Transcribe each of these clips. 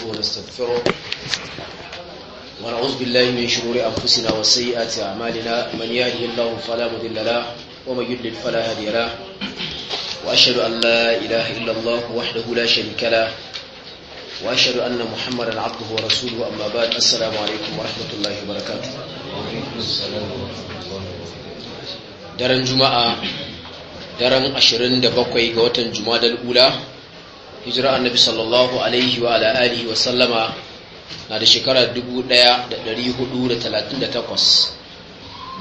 نحمده ونستغفره ونعوذ بالله من شرور أنفسنا وسيئات أعمالنا من يهده الله فلا مضل له ومن يضلل فلا هادي له وأشهد أن لا إله إلا الله وحده لا شريك له وأشهد أن محمدا عبده ورسوله أما بعد السلام عليكم ورحمة الله وبركاته daren juma'a daren 27 ga watan juma'a ula hijira annabi sallallahu alaihi wa dubu alihi wa sallama na da da 1438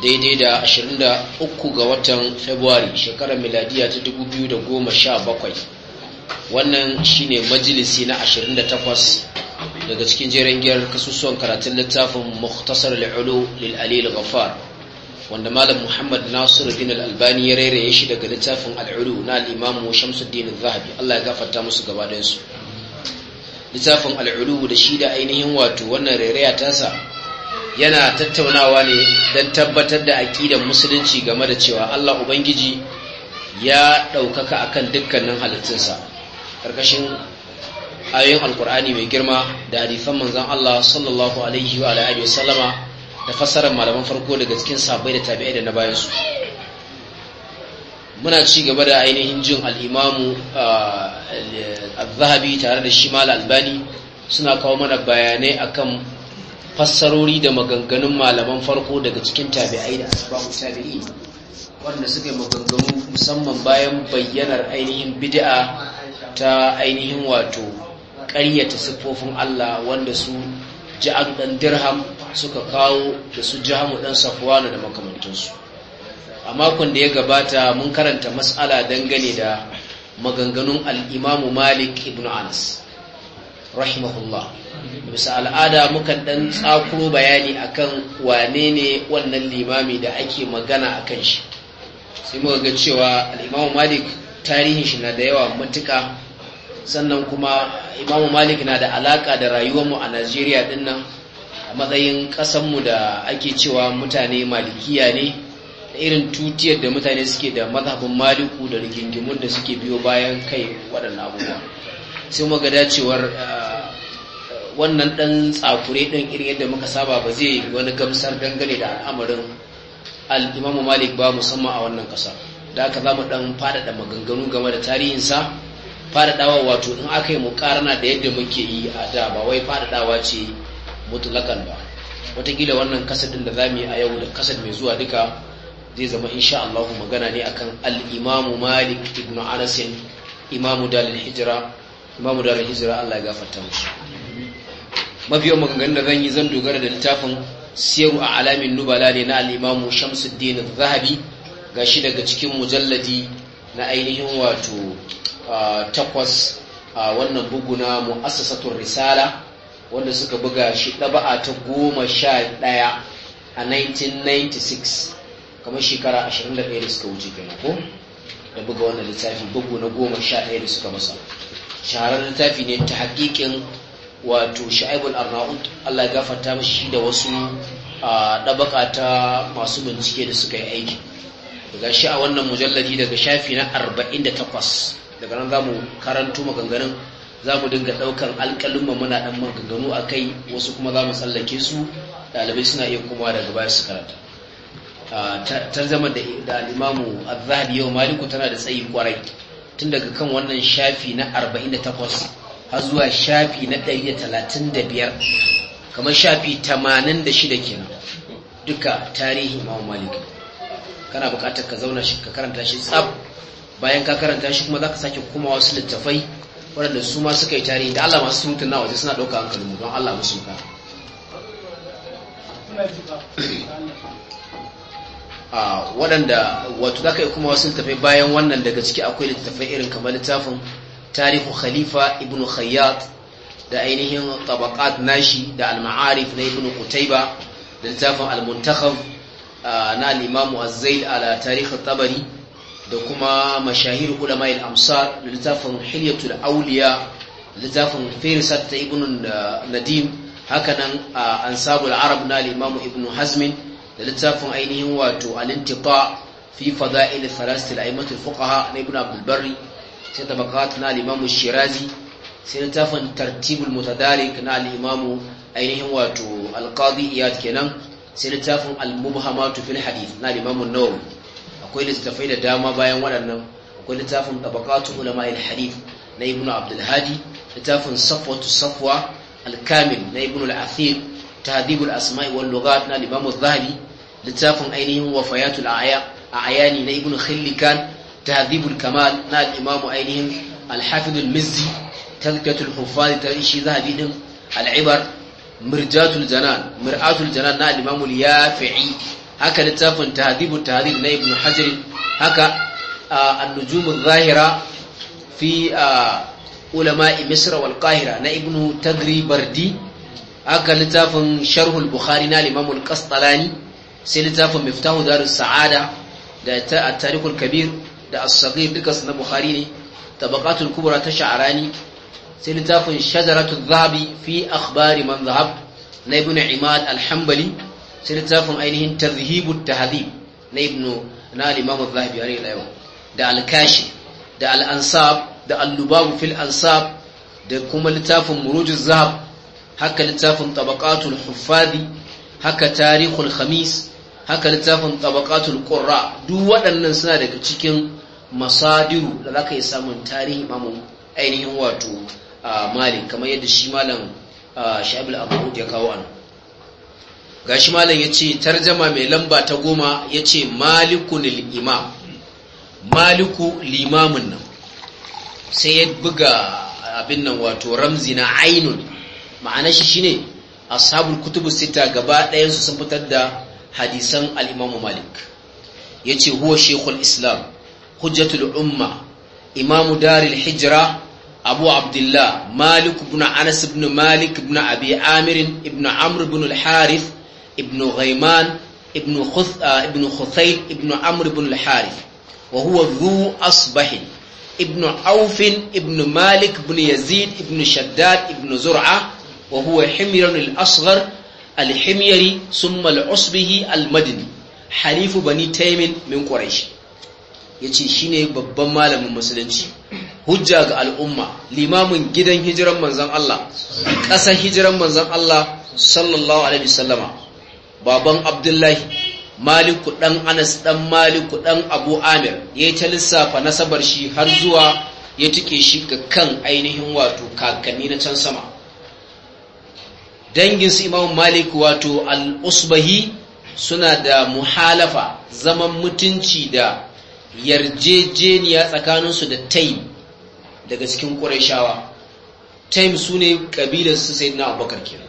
daidai da 23 ga watan february shekarar miladiya ta 2017 wannan shine majalisi na 28 daga cikin jerin kasusuwan karatun littafin muhtasar al'ulu lil alil ghaffar wanda malam Muhammad Nasiruddin Al-Albani ya rairaye shi daga littafin al na al-Imam Shamsuddin Al-Zahabi Allah ya gafarta musu gaba da su littafin Al-Ulu da shi da ainihin wato wannan rairaya tasa yana tattaunawa ne don tabbatar da aƙidar musulunci game da cewa Allah Ubangiji ya ɗaukaka akan dukkanin halittunsa Karkashin ayoyin alkur'ani mai girma da hadisan manzon Allah sallallahu alaihi wa alihi wa da fassarar malaman farko daga cikin sabai da tabi'ai da na bayansu muna ci gaba da ainihin jin al'imamu al-zahabi tare da shimal albani suna kawo mana bayanai akan fassarori da maganganun malaman farko daga cikin tabi'ai da asbabu tabi'i wanda suka yi maganganu musamman bayan bayyanar ainihin bid'a ta ainihin wato ƙaryata siffofin Allah wanda su ja'adu ɗan dirham suka kawo da su jahamu dan safwana da makamantansu a makon da ya gabata mun karanta matsala dangane da maganganun al'imamu malik ibn anas rahimahullah bisa al'ada mukan ɗan tsakuro bayani akan wane ne wannan limami da ake magana akan shi sai muka ga cewa al'imamu malik tarihin shi na da yawa matuka sannan kuma imamu malik na da alaka da rayuwarmu a najeriya din nan a matsayin ƙasanmu da ake cewa mutane malikiya ne da irin tutiyar da mutane suke da mazhabin maliku da rigingimun da suke biyo bayan kai waɗannan abubuwa sai mu ga cewar ah, wannan ɗan tsakure ɗin irin yadda muka saba ba zai wani gamsar dangane da al'amarin al'imamu malik ba musamman a wannan ƙasa da aka za mu ɗan faɗaɗa maganganu game da tarihinsa faɗaɗawa wato in aka yi mukarana da yadda muke yi a da ba wai faɗaɗawa ce mutulakan ba Wata watakila wannan kasadin da za mu yi a yau da kasad mai zuwa duka zai zama insha Allah magana ne akan al-imamu malik ibn anas imamu dalil hijira imamu dalil hijira Allah ya gafarta musu mabiyan maganganun da zan yi zan dogara da littafin siyaru a alamin nubala ne na al'imamu shamsuddin zahabi gashi daga cikin mujalladi na ainihin wato Ah, takwas a ah, wannan bugu na mu'assasatun risala wanda suka buga shi ɗaba'a ta goma sha ɗaya a 1996 kamar shekara 21 da suka wuce kenan ko da buga wannan littafi bugu na goma sha ɗaya da suka masa shaharar littafi ne ta hakikin wato sha'ibul arnaud Allah ya gafarta shi da wasu ah, ɗabaka ta masu bincike da suka yi aiki daga shi a wannan mujalladi daga shafi na 48 daga nan za mu karanto maganganun za mu dinga ɗaukan alƙalinmu muna dan maganganu a kai wasu kuma za mu tsallake su ɗalibai suna iya kuma daga baya su karanta zama da limamu zahab'i yau maliku tana da tsayi kwarai tun daga kan wannan shafi na 48 har zuwa shafi na 135 kamar shafi 86 kenan duka tarihi imamu malik kana bukatar ka zauna shi ka karanta shi tsab bayan ka karanta shi kuma zaka sake kuma wasu littafai waɗanda su ma suka yi tarihi da Allah masu surutun na waje suna ɗauka hankalin mu don Allah musu ka a waɗanda wato zaka yi kuma wasu littafai bayan wannan daga ciki akwai littafai irin kamar littafin tarihu khalifa ibnu khayyat da ainihin tabaqat nashi da al-ma'arif na ibnu qutayba da littafin al-muntakhab ah, na al-imam az-zaid ala tarikh at-tabari da kuma mashahir ulama al-amsar da littafin hilyatul auliya littafin firisat ta ibn nadim hakanan ansabul arab na limamu ibn hazmin da littafin ainihin wato al-intiqa fi fada'il falasil a'immatul fuqaha na ibn abdul barri sai tabaqat na limamu shirazi sai littafin tartibul mutadarik na limamu ainihin wato al-qadi iyad kenan sai littafin al-mubhamatu fil hadith na limamu nawawi akwai littafai da dama bayan waɗannan akwai littafin tabaqatu ulama al-hadith na ibnu abdul hadi littafin safwatu safwa al-kamil na ibnu al-athir tahdhib al-asma'i wal lughat na imam az-zahabi littafin ainihin wafayatul a'yani na ibnu khillikan tahdhib al-kamal na imam ainihin al-hafiz al-mizzi tazkiyatul huffaz ta shi zahabi din al-ibar mirjatul janan mir'atul janan na imam al-yafi'i haka littafin tahdibu tahdib na ibn hajar haka an-nujum zahira fi ulama'i misra wal qahira na ibn bardi haka littafin sharhul bukhari na al-imam al-qastalani sai littafin miftahu darus sa'ada da at-tarikhul kabir da as-saghir na bukhari ne tabaqatul kubra ta sha'rani sai littafin shajaratul zahabi fi akhbari man zahab na ibn imad al-hanbali sai littafin ainihin tarhibu tahdhib na ibnu na al-imam az-zahabi alayhi da al-kashi da al-ansab da al-lubab fil ansab da kuma littafin muruj zahab haka littafin tabaqatul huffadi haka tarihul khamis haka littafin tabaqatul qurra duk waɗannan suna daga cikin masadiru da zaka yi samun tarihi ainihin wato ah, malik kamar yadda shi malam ah, sha'ibul abu ya kawo anan gashi malam yace tarjama mai lamba ta goma yace malikun imam maliku limamin nan sai ya buga abin nan wato ramzi na ainun ma'ana shi shine ashabul kutubu sita gaba ɗayan su sun fitar da hadisan al-imamu ya yace huwa shaykhul islam hujjatul umma imamu daril hijra abu abdullah malik ibn anas ibn malik ibn abi amir ibn amr ibn al-harith ibnu ghaiman ibnu uh, khuthail ibnu amr ibn al-harith wa huwa dhu ibnu aufin ibnu malik ibn yazid ibnu shaddad ibnu zur'a wa huwa himran al-asghar al-himyari summa al-usbihi al-madini halifu bani taimin min quraish yace shine babban malamin musulunci hujja ga al'umma limamin gidan hijiran manzon Allah ƙasar hijiran manzon Allah sallallahu alaihi wasallama baban abdullahi maliku dan anas ɗan maliku dan abu amir ya ta lissafa nasabar shi har zuwa ya tike shi ga kan ainihin wato kakanni na can sama dangin su imamu malik wato al-usbahi suna da muhalafa zaman mutunci da yarjejeniya tsakaninsu da taim daga cikin ƙurashawa taim sune ne ƙabilar su sai na abubakar kenan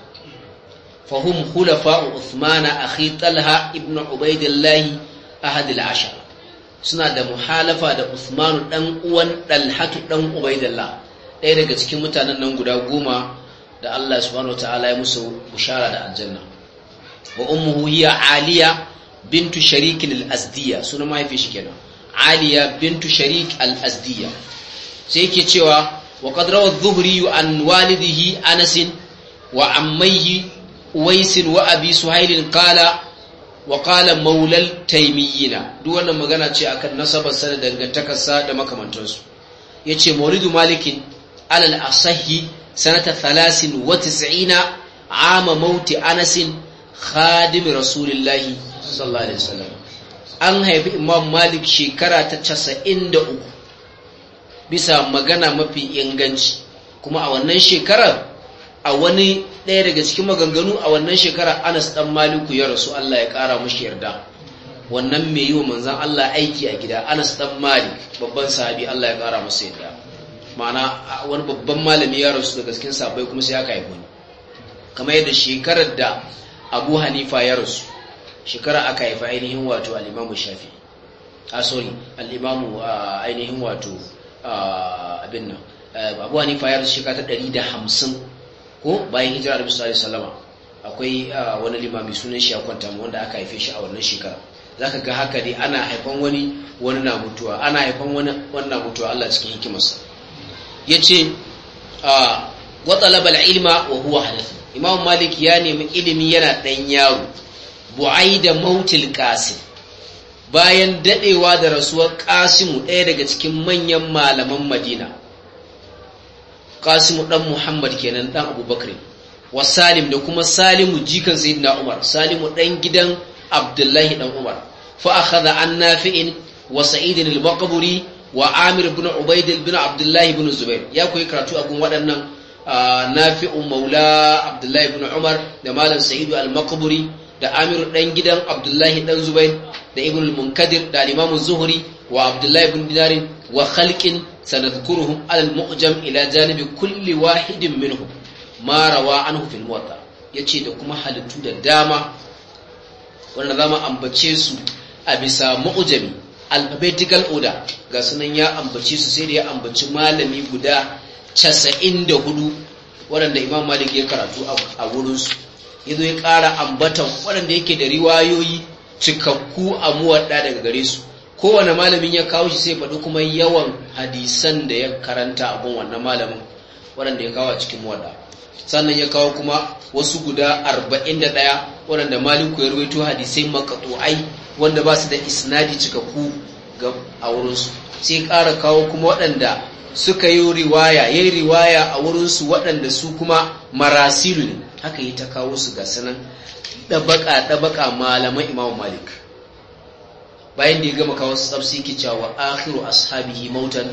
fahum khulafa'u Uthman akhi Talha ibn Ubaidillah ahad al-ashar suna da muhalafa da Uthman dan uwan Talhatu dan Ubaidillah ɗaya daga cikin mutanen nan guda goma da Allah subhanahu wataala ya musu bushara da aljanna wa ummuhu hiya Aliya bintu Sharik al-Azdiya suna mahaifi shi kenan Aliya bintu Sharik al-Azdiya sai yake cewa wa qad rawa adh-Dhuhri an walidihi Anas wa ammayhi ويس وأبي سهيل قال وقال مولى التيميين دو wannan magana ce akan nasabar sa da dangantakarsa da makamantansu yace Maulidu Malik alal asahi sanata 93 ama mauti Anas khadim Rasulullah sallallahu alaihi wasallam an haifi Imam Malik shekara ta 93 bisa magana mafi inganci kuma a wannan shekarar a wani ɗaya daga cikin maganganu a wannan shekara anas ɗan maliku ya rasu allah ya ƙara mashi yarda wannan mai yi wa manzan allah aiki a gida anas ɗan malik babban sahabi allah ya ƙara masa yarda ma'ana wani babban malami ya rasu daga cikin sabai kuma sai aka haifu kamar yadda shekarar da abu hanifa ya rasu shekara aka haifa ainihin wato al'imamu shafi a ah, sorry al'imamu ah, ainihin wato ah, abin nan eh, abu hanifa ya rasu shekara ta hamsin. ko bayan hijira da sallallahu alaihi akwai ah, wani limami sunan shi ya kwanta wanda aka haife shi a wannan shekara zaka ga haka dai ana haifan wani wani na mutuwa ana haifan wani na mutuwa Allah cikin hikimarsa yace ah, wa talaba al-ilma wa huwa hadath imam malik ya nemi ilimi yana dan yaro bu'aida mautil qasim bayan dadewa da rasuwar kasimu ɗaya daga cikin manyan malaman madina Kasimu dan muhammad kenan dan abubakar wa salim da kuma salimu jikan sayyidina umar salimu dan gidan abdullahi dan umar fa akhadha an nafi'in wa sa'id al-maqburi wa amir ibn ubayd ibn abdullahi ibn zubair ya koyi karatu a gun waɗannan nafi'u maula abdullahi ibn umar da malam sa'idu al-maqburi da amiru dan gidan abdullahi dan zubair da ibn al-munkadir da al-imam az-zuhri wa abdullah ibn dinar wa khalqin sanadhkuruhum al-mu'jam ila janibi kulli wahidin minhum ma rawa anhu fil muwatta yace da kuma halittu da dama wannan zama ambace su a bisa mu'jami alphabetical order ga sunan ya ambace su sai da ya ambaci malami guda 94 waɗanda imam malik ya karatu a wurinsu ya zo ya ƙara ambatan waɗanda yake da riwayoyi cikakku a muwaɗa daga gare su kowane malamin ya kawo shi sai faɗi kuma yawan hadisan da ya karanta abin wannan malamin waɗanda ya kawo a cikin muwaɗa. sannan ya kawo kuma wasu guda arba'in da ɗaya waɗanda maliku ya rubaito hadisai makatu'ai wanda ba su da isnadi cikakku ga a wurinsu sai ƙara kawo kuma waɗanda suka yi riwaya ya yi riwaya a wurinsu waɗanda su kuma marasilu ne haka yi ta kawo su ga sanan ɗabaka ɗabaka malaman imamu malik bayan da ya gama kawo tsafsi ke cewa akhiru ashabihi mautan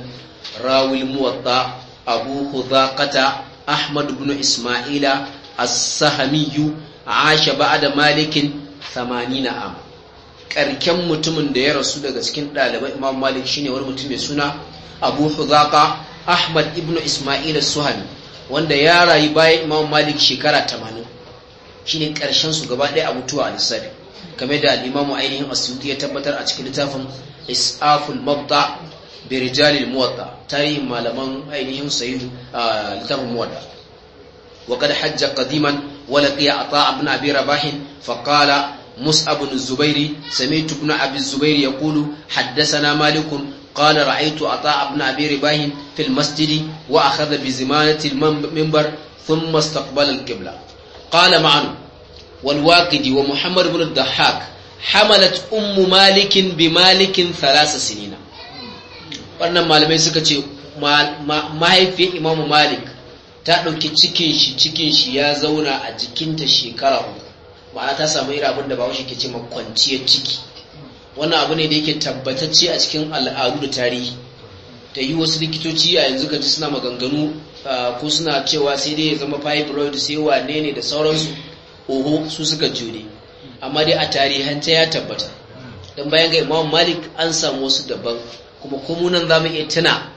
rawil muwatta abu hudaqata ahmad ibn isma'ila as-sahamiyyu asha ba'da malikin 80 am karken mutumin da ya rasu daga cikin ɗaliban imam malik shine wani mutum mai suna abu hudaqa ahmad ibn isma'ila as-suhami wanda ya rayu bayan imam malik shekara 80 shine karshen su gaba ɗaya a mutuwa a lissafi kame da al-imamu ainihin asyuti ya tabbatar a cikin littafin isaful mabda bi rijalil muwatta tarihin malaman ainihin sahih littafin muwatta wa qad hajja qadiman wa laqiya ata ibn abi rabah fa qala mus'ab ibn zubairi sami'tu ibn abi zubairi yaqulu haddathana malik قال رأيت عطاء بن أبي رباه في المسجد وأخذ بزمانة المنبر ثم استقبل القبلة قال معن والواقد ومحمد بن الضحاك حملت أم مالك بمالك ثلاث سنين wannan malamai suka ce mahaifiyar imamu malik ta ɗauki cikin shi cikin shi ya zauna a jikinta shekara uku ma'ana ta samu irin abin da ba shi ke ce kwanciyar ciki wannan abu ne da yake tabbatacce a cikin al'adu da tarihi da yi wasu likitoci a yanzu gaji suna maganganu Ah, ku suna cewa sai dai ya zama fibroid sai wane ne da sauransu oho su suka jure amma dai a tarihanta ya tabbata don bayan ga imam malik an samu wasu daban kuma kumunan za mu iya tuna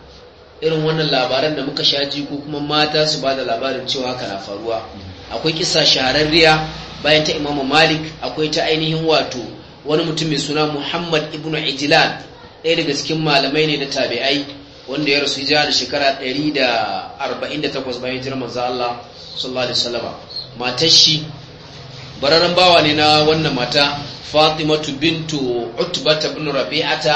irin wannan labaran da muka shaji ko kuma mata su ba da labarin cewa haka na faruwa akwai kisa shahararriya bayan ta imam malik akwai ta ainihin wato wani mutum mai suna muhammad ibnu ijilan ɗaya daga cikin malamai ne da tabi'ai wanda ya rasu hijira da shekara 148 bayan hijirar manzo Allah sallallahu alaihi wasallama matar shi bararren bawa ne na wannan mata Fatimatu bintu Utbata ibn Rabi'ata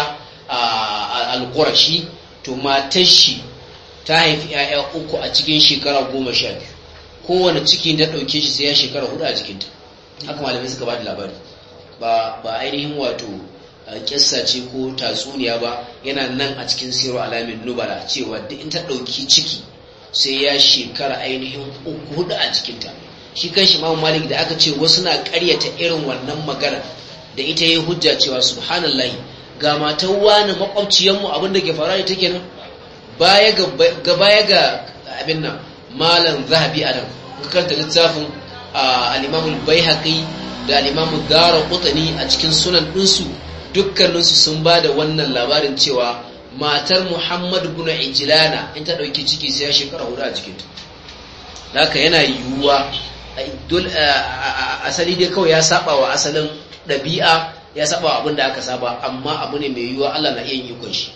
al-Qurashi to matar shi ta haifi 'ya'ya uku a cikin shekara 12 kowane ciki da dauke shi sai ya shekara hudu a jikinta haka malamai suka ba da labari ba ba ainihin wato kissa ko tatsuniya ba yana nan a cikin siro alamin nubara cewa duk in ta ɗauki ciki sai ya shekara ainihin hudu a cikinta shi kan shi mamu malik da aka ce wasu na karyata irin wannan magana da ita ya hujja cewa subhanallahi ga matan wani makwabciyanmu abin da ke faruwa ita kenan baya ga baya ga abin nan malam zahabi adam littafin al da al gara dara a cikin sunan ɗinsu dukkaninsu sun ba da wannan labarin cewa matar muhammad buna ijilana in ta ɗauki ciki sai ya shekara hudu a jikinta haka yana yiwuwa asali dai kawai ya saba wa asalin ɗabi'a ya saba wa abin da aka saba amma abu ne mai yiwuwa allah na iya yi shi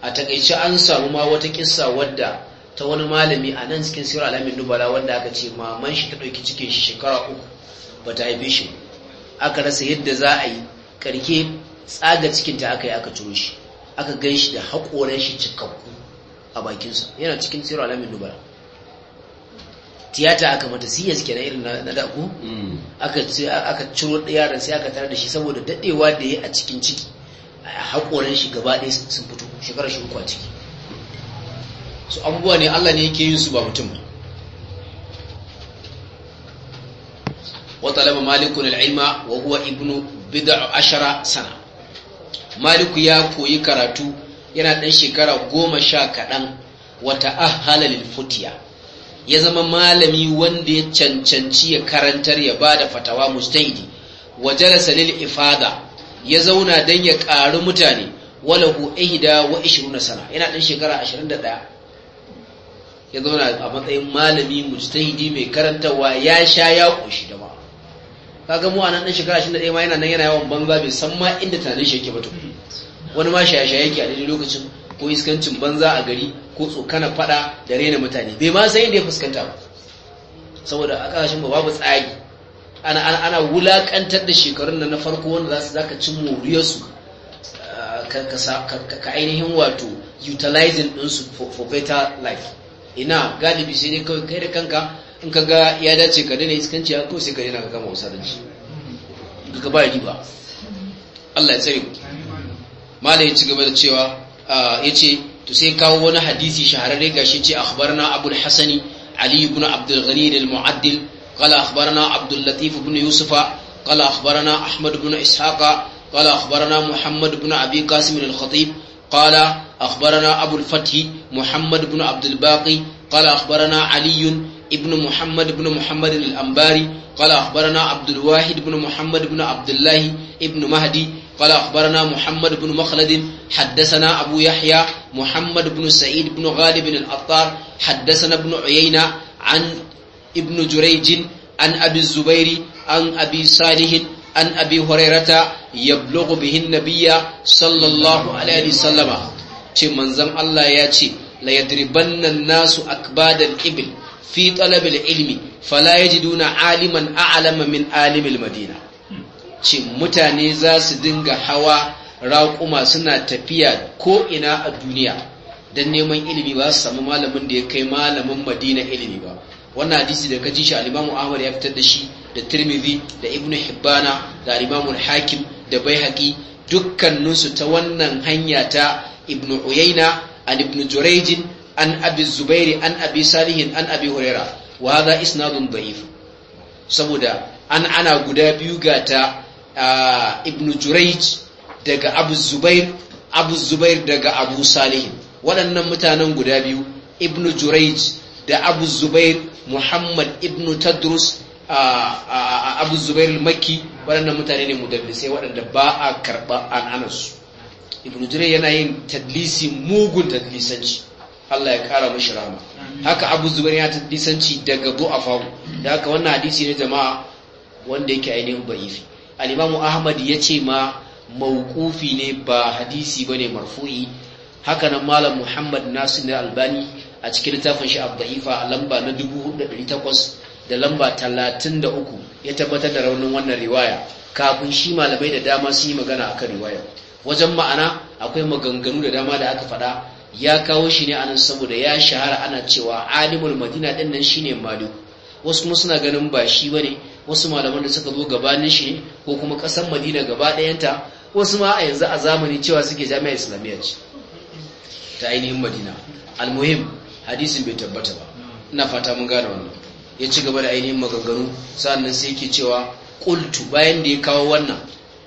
a takaice an samu ma wata kissa wadda ta wani malami a nan cikin sirar alamin dubala wanda aka ce maman shi ta ɗauki cikin shi shekara uku ba ta haife shi aka rasa yadda za a yi karke tsaga cikinta aka yi aka ciro shi aka gan shi da haƙoran shi cikakku a bakinsa yana cikin tsiro alamin dubara tiyata aka mata siyas kenan irin na daku mm. aka ciro yaran sai aka tare da shi saboda daɗewa da ya a cikin ciki a haƙoran shi gaba ɗaya sun fito shekarar shi uku a ciki su abubuwa ne allah ne yake yin su ba mutum ba وطلب مالك العلم وهو ابن بضع عشر سنه maliku ya koyi karatu yana ɗan shekara goma sha kaɗan wata ahalalin futiya ya zama malami wanda ya cancanci ya karantar ya ba da fatawa mustaidi wa jalasa lil ifada ya zauna don ya ƙaru mutane walahu ihda wa da sana yana ɗan shekara ashirin da ɗaya ya zauna a matsayin malami mustaidi mai karantarwa ya sha ya ƙoshi da ba kaga mu a nan ɗan shekara ashirin da ɗaya ma yana nan yana yawan banza bai san ma inda tunanin shi yake ba wani ma shaye-shaye yake a daidai lokacin ko iskancin banza a gari ko tsokana fada da rena mutane bai ma san inda ya fuskanta ba saboda a kasashen babu tsari ana ana wulakantar da shekarun nan na farko wanda za su zaka cin su ah, ka ainihin wato utilizing ɗinsu for better life ina galibi sai dai kai da kanka in ka ga ya dace ka daina iskanci ya sai ka daina ka kama wasaranci ka ba ba Allah ya tsare ku malai ya ci gaba da cewa ya ce to sai kawo wani hadisi shahararre gashi ce akhbarna abul hasani ali ibn abdul ghani al mu'addil qala akhbarna abdul latif ibn yusufa qala akhbarna ahmad ibn ishaqa qala akhbarna muhammad ibn abi qasim al khatib qala akhbarna abu al fath muhammad ibn abdul al baqi qala akhbarna ali ibn muhammad ibn muhammad al anbari qala akhbarna abd al wahid ibn muhammad ibn abdullah ibn mahdi قال أخبرنا محمد بن مخلد حدثنا أبو يحيى محمد بن سعيد بن غالب الأطار حدثنا ابن عيينة عن ابن جريج عن أبي الزبير عن أبي صالح عن أبي هريرة يبلغ به النبي صلى الله عليه وسلم ce manzon Allah ya ce la yadribannan nasu akbadal ibil fi talabil ilmi fala yajiduna aliman a'lama min alimil madina ce mutane za su dinga hawa raƙuma suna tafiya ko ina a duniya don neman ilimi ba su samu malamin da ya kai malamin madina ilimi ba wannan hadisi da ka ji shi alimamu ahmad ya fitar da shi da tirmidhi da ibnu hibbana da alimamu hakim da baihaqi dukkaninsu ta wannan hanya ta ibnu uyaina an ibnu jurayjin an abi zubairi an abi salihin an abi huraira wa hadha isnadun da'if saboda an ana guda biyu ga ta ibn Jurayj daga Abu Zubair Abu Zubair daga Abu Salih waɗannan mutanen guda biyu ibn Jurayj da Abu Zubair Muhammad ibn Tadrus Abu Zubair Makki waɗannan mutane ne mudallisai waɗanda ba a karɓa al'anarsu Ibn Jurayj yana yin tadlisi mugun tadlisanci Allah ya kara mashi rahama haka Abu Zubair ya tadlisanci daga du'afa da haka wannan hadisi ne jama'a wanda yake ainihin ba'ifi al'imamu ahmad ya ce ma Maukufi ne ba hadisi ba ne marfu'i nan malam muhammad nasir na albani a cikin littafin shi abda'ifa a lamba na 4,800 da lamba 33 ya tabbatar da raunin wannan riwaya kafin shi malamai da dama su yi magana akan riwaya wajen ma'ana akwai maganganu da dama da aka faɗa ya kawo shi ne anan saboda ya shahara ana cewa alimul madina ɗin shine malu. wasu kuma suna ganin ba shi bane wasu malaman da suka zo gabanin shi ko kuma kasan madina gaba ɗayanta wasu ma a yanzu a zamani cewa suke jami'ar islamiyya ce ta ainihin madina almuhim hadisin bai tabbata ba ina fata mun gane wannan ya ci gaba da ainihin maganganu sannan sai yake cewa qultu bayan da ya kawo wannan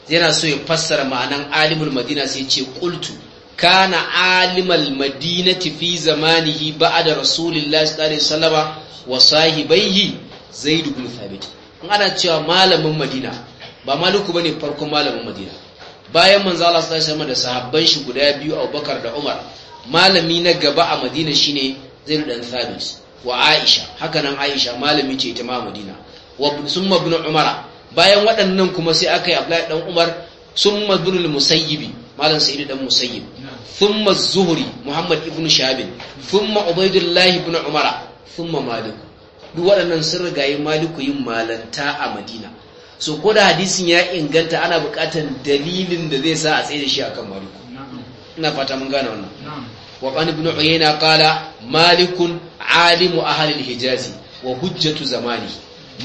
yana so ya fassara ma'anan alimul madina sai ce qultu kana alimal madinati fi zamanihi ba'da rasulillahi sallallahu alaihi wasallama wa sahibaihi zaid ibn thabit in ana cewa malamin madina ba maliku bane farkon malamin madina bayan manzo Allah sallallahu alaihi wasallam da sahabban shi guda biyu Abubakar da Umar malami na gaba a Madina shine Zaid dan Thabit wa Aisha haka nan Aisha malami ce ta ma Madina wa summa ibn Umar bayan waɗannan kuma sai aka yi Abdullahi dan Umar summa ibn al-Musayyib malam Sa'id dan Musayyib thumma zuhri Muhammad ibn Shabil thumma Ubaydullah ibn Umar thumma Malik duk waɗannan sun rigayi maliku yin malanta a madina so ko da hadisin ya inganta ana buƙatar dalilin da zai sa a tsaye da shi akan maliku ina fata mun gane wannan wa qan ibn uyayna qala malikun alimu ahli al-hijazi wa hujjatu zamani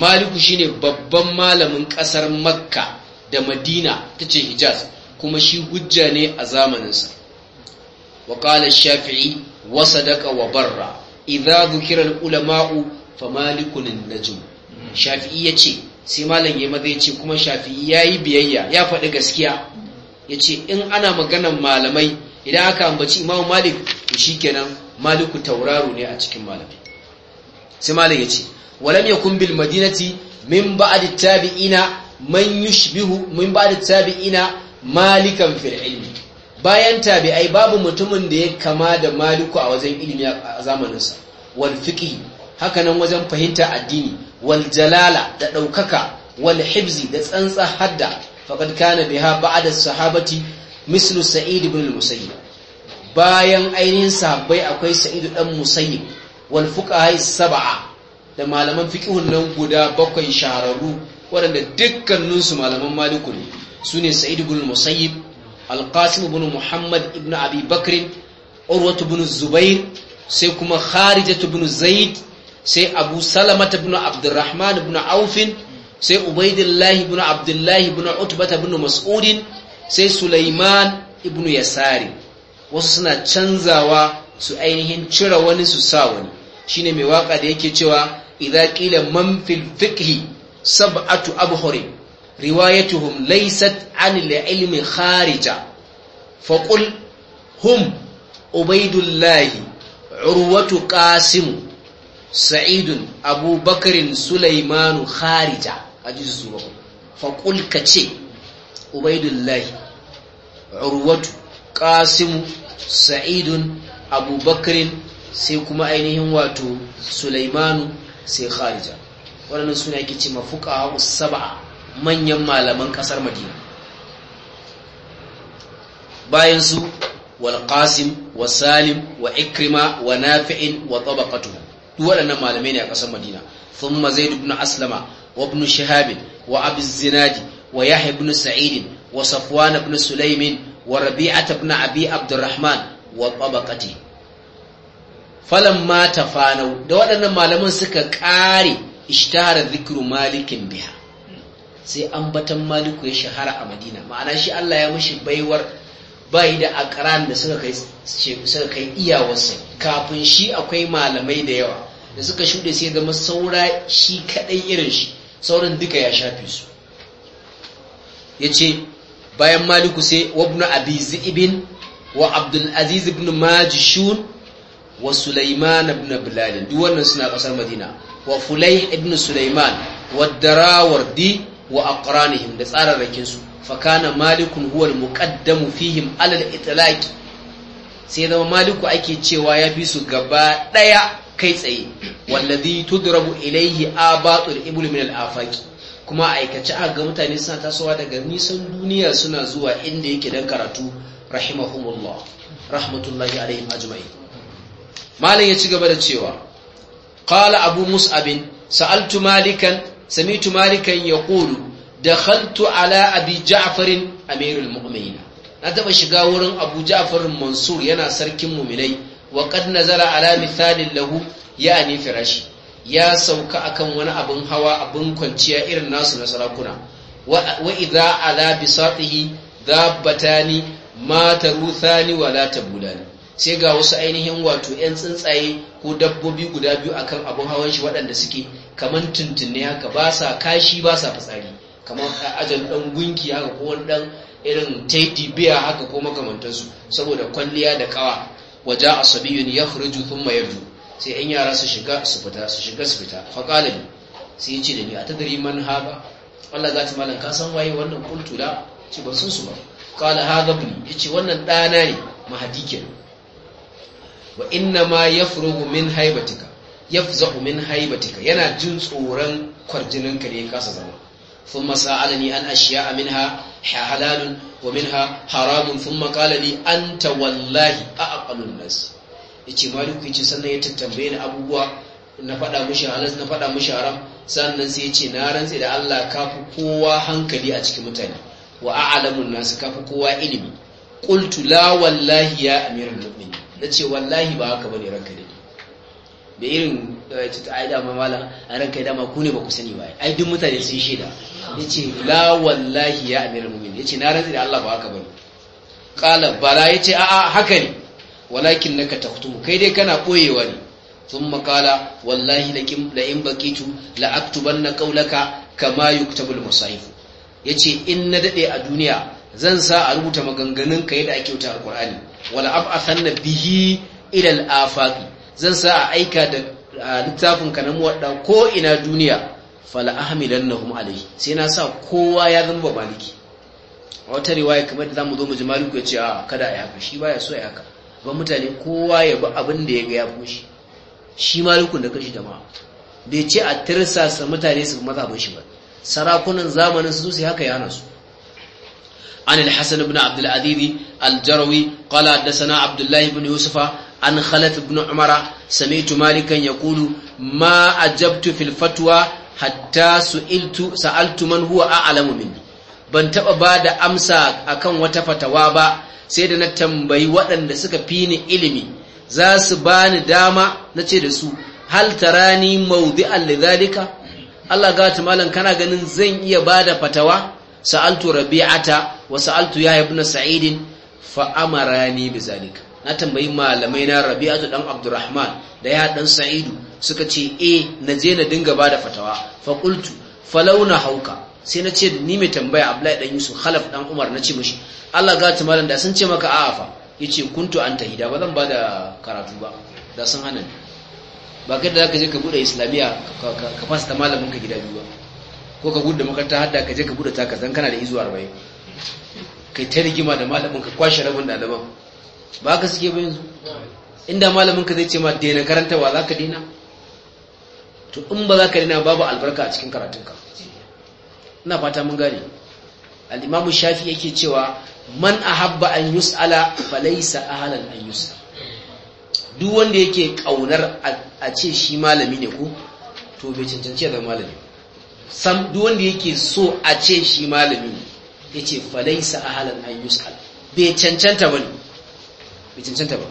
maliku shine babban malamin ƙasar makka da madina tace hijaz kuma shi hujja ne a zamanin wa qala shafi'i wa sadaqa wa barra idza dhukira al-ulama'u fa malikun najm shafi'i yace sai malam ya maza yace kuma shafi'i yayi biyayya ya faɗi gaskiya yace in ana maganan malamai idan aka ambaci imamu malik to shikenan maliku tauraro ne a cikin malami. sai malam yace walam yakun bil madinati min ba'd tabi'ina man yushbihu min ba'd tabi'ina malikan fil ilmi bayan tabi'ai babu mutumin da ya kama da maliku a wajen ilimi a zamaninsa wal fiqh hakanan wajen fahimta addini wal jalala da ɗaukaka wal hibzi da tsantsa hadda faqad kana biha ba'da sahabati mislu sa'id ibn al-musayyib bayan ainihin sahabbai akwai sa'id dan musayyib wal fuqaha sab'a da malaman fiqhun nan guda bakwai shahararru waɗanda dukkaninsu malaman maliku ne sune sa'id ibn al-musayyib al-qasim ibn muhammad ibn abi bakr urwatu ibn zubair sai kuma kharijatu ibn zaid sai abu salamata ibn abdurrahman ibn aufin sai ubaidillahi ibn abdullahi ibn utbata ibn mas'udin sai sulaiman ibn yasari wasu suna canzawa su ainihin cire wani su sa wani shine mai waka da yake cewa idza qila man fil fiqhi sab'atu abhuri riwayatuhum laysat an al-ilmi kharija faqul hum ubaidullahi urwatu qasim sa'idun abubakarin sulaimanu kharija hadisi su ba faƙul ce ubaidullahi urwatu ƙasimu sa'idun abubakarin sai kuma ainihin wato sulaimanu sai kharija waɗannan suna yake ce mafuka saba manyan malaman ƙasar madina bayan su wal wa salim wa ikrima wa nafi'in wa tabaqatuhum duk waɗannan malamai ne a ƙasar madina thumma zaid ibn aslama wa ibn shihab wa abu zinadi wa yahya ibn sa'id wa safwan ibn sulaimin wa rabi'ata ibn abi abdurrahman wa tabaqati falamma tafanau da waɗannan malaman suka ƙare ishtahara dhikru malikin biha sai ambatan maliku ya shahara a madina ma'ana shi Allah ya mashi baiwar bayi da akaran da suka kai iyawarsa kafin shi akwai malamai da yawa da suka shuɗe sai zama saura shi kaɗai irin shi sauran duka ya shafi su ya ce bayan maliku sai wabna abi ibn wa abdulaziz ibn majishun wa sulaiman ibn bilalin duk wannan suna ƙasar madina wa fulai ibn sulaiman wa di wa aqranihim da tsararrakinsu fakana malikun huwa muqaddamu fihim alal itlaqi sai zama maliku ake cewa ya fi su gaba ɗaya kai tsaye wallazi tudrabu ilaihi abatul ibl min al afaqi kuma aikace a ga mutane suna tasowa daga nisan duniya suna zuwa inda yake dan karatu rahimahumullah rahmatullahi alaihim ajma'in malam ya ci gaba da cewa qala abu mus'abin sa'altu malikan sami'tu malikan yaqulu dakhaltu ala abi ja'far amirul mu'minin na taba shiga wurin abu ja'far mansur yana sarkin mu'minai wa qad nazara ala mithalin lahu ya'ni firashi ya sauka akan wani abin hawa abin kwanciya irin nasu na sarakuna wa idza ala bisatihi dabbatani ma taruthani wa la tabulani sai ga wasu ainihin wato yan tsuntsaye ko dabbobi guda biyu akan abin hawan shi waɗanda suke kaman tuntunne haka ba sa kashi ba sa fitsari kamar ajal dan gunki haka ko wani dan irin teddy haka ko makamantansu saboda kwalliya da kawa waje a sabiyun ya furuju tun mayar ju sai yan yara su shiga su fita su shiga su fita faƙalin sai ya ce da ni a tadari man haɓa Allah za ta malam ka waye wannan kultu da ce ba sun su ba kala haɗa buli ya ce wannan ɗana ne mahadi ke wa inna ma ya furugu min haibatika ya zaɓu min haibatika yana jin tsoron kwarjininka ne ya kasa zama sun masa alani an ashiya ha halalun wa minha haramun thumma qala li anta wallahi aqalun nas yace maliku yace sannan ya tattambaye abubuwa na faɗa mushi halas na faɗa mushi haram sannan sai yace na rantse da Allah kafi kowa hankali a cikin mutane wa a'lamun nas kafi kowa ilimi qultu la wallahi ya amirul mu'minin nace wallahi ba haka bane ranka dai da irin eh, ta ai dama mala a ranka dama ku ne ba ku sani ba ai duk mutane sun shaida Ya ce, la wallahi ya amirul Ya ce na rantsi da Allah ba haka ba ƙalar bala yace a a haka ne walakin naka hutu kai dai kana ɓoyewa ne sun makala wallahi da in in baqitu la na qawlaka kama yuktabul Ya ce in na daɗe a duniya zan sa a rubuta maganganun ka yadda ake wuta kurani wala a ab'athanna bihi ila afafi zan sa a aika da littafin ka na muwadda ko ina duniya fala ahmilannahum alayhi sai na sa kowa ya zama ba maliki wata riwaya kamar da zamu zo mu ji maliku ya ce a kada a haka shi baya so ya haka ba mutane kowa ya bi abin da ya ga ya fushi shi malikun da kashi jama'a bai ce a tirsasa mutane su mazhabin shi ba sarakunan zamanin su su haka ya hana su عن الحسن بن عبد العزيز الجروي قال حدثنا عبد الله بن يوسف عن خلف بن عمر سمعت مالكا يقول ما أجبت في الفتوى hatta su su'iltu sa'altu man huwa a'lamu minni ban taba bada amsa akan wata fatawa ba sai da na tambayi waɗanda suka fi ni ilimi za su bani dama na ce da su hal tarani mawdi'an lidhalika Allah ga ta malam kana ganin zan iya bada fatawa sa'altu rabi'ata wa sa'altu yahya ibn Sa'idin fa amarani bizalika na tambayi malamai na rabi'atu dan abdurrahman da ya dan sa'idu suka ce eh na je na dinga ba da fatawa fa qultu falau na hauka sai na ce ni mai tambaya abdullahi dan yusuf khalaf dan umar na ce mishi Allah ga ta malam da sun ce maka a'a fa yace kuntu anta hida ba zan ba da karatu ba da sun hana ni ba kai da zaka je ka bude islamiya ka fasa ta malamin ka gida biyu ba ko ka gudu makaranta hadda ka je ka bude taka dan kana da izu 40 kai ta rigima da malamin ka kwashe rabin daliban. ba ka suke ba yanzu inda malamin ka zai ce ma daina wa za ka daina to in ba za ka daina babu albarka a cikin karatunka ina fata mun gane al'imamu shafi yake cewa man ahabba an yus'ala falaisa ahalan an yus'al duk wanda yake kaunar a ce shi malami ne ko to bai cancanci da malami sam duk wanda yake so a ce shi malami ne yace falaisa ahalan an ala bai cancanta bane bai cancanta ba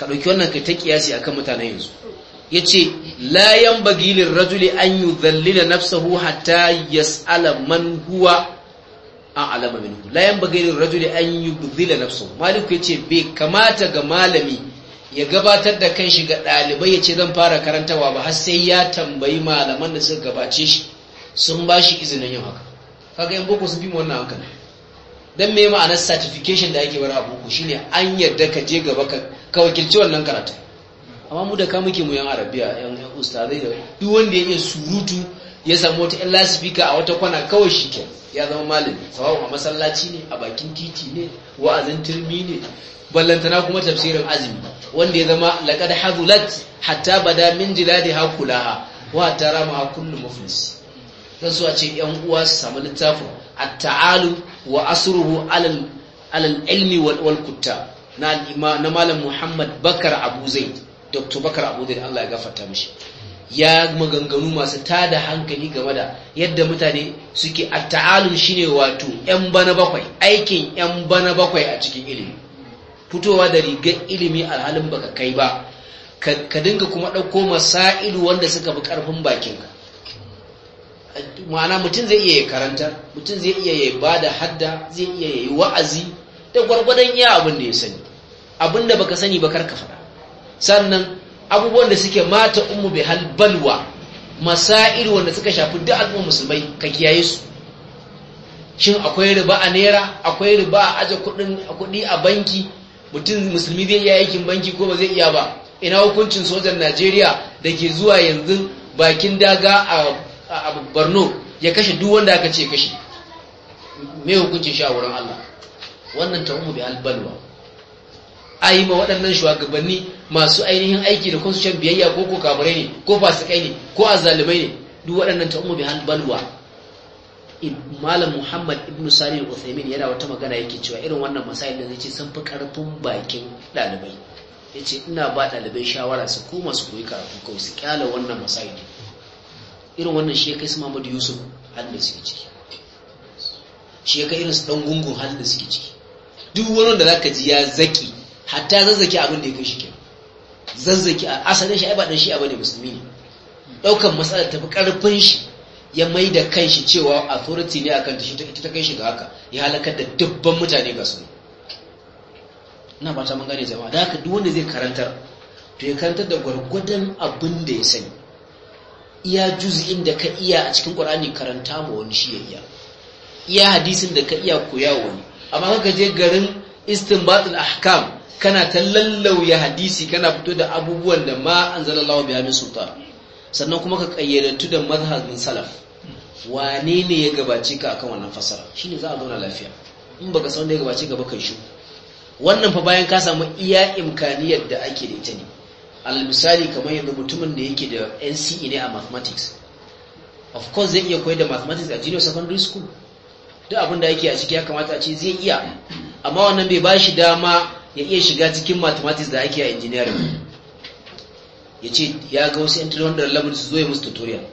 ka ɗauki wannan kai ta kiyasi kan mutane yanzu ya ce layan bagilin rajuli an yi zallila nafsahu hatta yas'ala man huwa an alama minhu layan bagilin rajuli an yi zallila nafsahu maliku ya ce bai kamata ga malami ya gabatar da kan shi ga ɗalibai ya ce zan fara karantawa ba har sai ya tambayi malaman da suka gabace shi sun ba shi izinin yin haka kaga yan boko sun fi wannan hankali don me ma'anar certification da ake wani shi shine an yarda ka je gaba ka wakilci wannan karatu amma mu da ka muke mu yan arabiya yan ustazai da duk wanda ya iya surutu ya samu wata yan lasifika a wata kwana kawai shi ke ya zama malami sawa a masallaci ne a bakin titi ne wa'azin turmi ne ballantana kuma tafsirin azumi wanda ya zama laqad hazulat hatta bada min jiladi hakulaha wa ma kullu muflis don su a ce ‘yan uwa su samu littafin ta'alu wa asuruhu alal ilmi wal kutta na malam muhammad bakar abu zai dr bakar abu zai allah ya gafarta mishi ya maganganu masu tada hankali game da yadda mutane suke A atta'alun shine wato ‘yan bana bakwai aikin ‘yan bana bakwai a cikin ilimi fitowa da rigar ilimi alhalin baka kai ba ka dinga kuma ɗauko masa'ilu wanda suka fi ƙarfin bakinka ma'ana mutum zai iya ya karanta mutum zai iya ya ba da hadda zai iya yi wa'azi da gwargwadon iya abin da ya sani abin da baka sani ba ka faɗa sannan abubuwan da suke mata umu bai halbalwa masa'ir wanda suka shafi duk al'ummar musulmai ka kiyaye su shin akwai riba a naira akwai riba a aje kuɗi a banki mutum musulmi zai iya aikin banki ko ba zai iya ba ina hukuncin sojan najeriya da ke zuwa yanzu bakin daga a abu barno ya kashe duk wanda aka ce kashe me hukuncin shi a wurin Allah wannan ta umu bi albalwa a yi ma waɗannan shugabanni masu ainihin aiki da shan biyayya ko ko kamurai ne ko fasikai ne ko azalimai ne duk waɗannan ta umu bi albalwa malam muhammad ibn sani al-uthaymin yana wata magana yake cewa irin wannan masayin da zai ce sun fi karfin bakin ɗalibai ya ce ina ba ɗalibai shawara su koma su koyi karatu kawai su kyala wannan masayin irin wannan shi ya kai su Muhammadu Yusuf halin da suke ciki shi ya kai irin su dan gungun halin da suke ciki duk wani da zaka ji ya zaki hatta zazzaki abin da ya kai shi ke zazzaki a asalin shi ai shi dan shi musulmi ne daukan matsalar tafi karfin shi ya mai da shi cewa authority ne akan ta shi ita ta kai shi ga haka ya halakar da dubban mutane ga su ina ba ta mun gane jama'a da haka duk wanda zai karantar to ya karantar da gwargwadon abin da ya sani iya juz'in da ka iya a cikin ƙur'ani karanta ma wani shi iya iya hadisin da ka iya koya wani amma ka je garin istinbatul ahkam kana ta lallauya hadisi kana fito da abubuwan da ma anzalallahu biya min sultan sannan kuma ka kayyadantu da mazhabin salaf wane ne ya gabace ka akan wannan fasara shine za a zauna lafiya in baka san da ya gabace ka ba kai shi wannan fa bayan ka samu iya imkaniyar da ake da ita ne alal misali kamar yanzu mutumin da yake da NCE ne a mathematics of course zai iya koyar da mathematics a junior secondary school duk abin da yake a ciki ya kamata a ce zai iya amma wannan bai ba shi dama ya iya shiga cikin mathematics da ake a engineering ya ce ya ga wasu 300 level su zo ya musu tutorial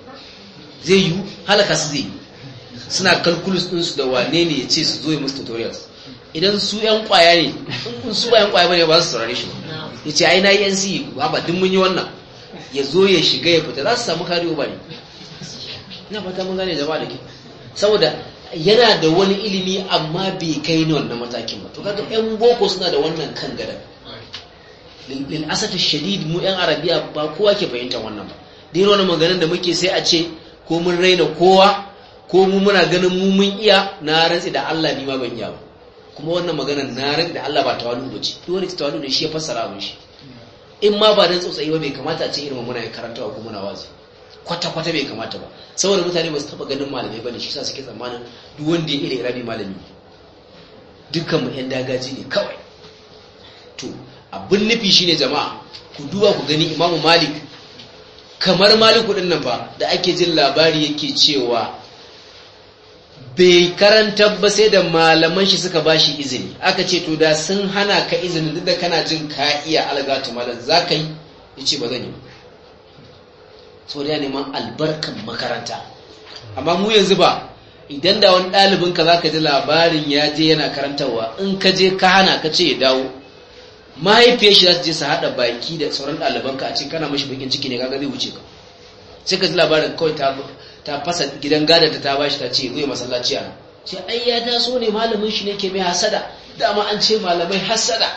zai yi halaka su zai suna calculus ɗinsu da wane ne ya ce su zo ya musu tutorials idan su 'yan kwaya ne in su ba 'yan kwaya ba ne ba su saurare shi ya ce ai na yi nc ba duk mun yi wannan ya zo ya shiga ya fita za su samu kariyo ba ne na fata mun gane jama'a da ke saboda yana da wani ilimi amma bai kai ni wannan matakin ba to kaga yan boko suna da wannan kan gada lil asafi shadid mu yan arabiya ba kowa ke fahimtar wannan ba dai wannan maganar da muke sai a ce ko mun raina kowa ko mu muna ganin mu mun iya na rantsi da Allah ni ma ban iya ba kuma wannan magana na ran da Allah ba tawalu ba ce duk wani tawalu ne shi ya fassara mun shi in ma ba dan tsotsayi ba bai kamata a ce irin muna karanta ko muna wazi kwata kwata bai kamata ba saboda mutane ba su taba ganin malamai ba ne shi sa suke tsammanin duk wanda ya ire rabi malami dukkan mu yan dagaji ne kawai to abin nufi shine jama'a ku duba ku gani Imam Malik kamar Malik din nan ba da ake jin labari yake cewa bai karanta ba sai da malaman shi suka ba shi izini aka ce to da sun hana ka izini duk da kana jin ka iya algatu malam za ka yi ya ce ba zan yi so da neman albarkan makaranta amma mu yanzu ba idan da wani ɗalibin ka za ka ji labarin ya je yana karantarwa in ka je ka hana ka ce ya dawo mahaifiyar shi za su je su haɗa baki da sauran ɗaliban ka a ce kana mashi bakin ciki ne kaga zai wuce ka sai ka ji labarin kawai ta ta fasa gidan gadar da ta bashi ta ce zai masallaci a ce ai ya taso ne malamin shi ne ke mai hasada dama an ce malamai hasada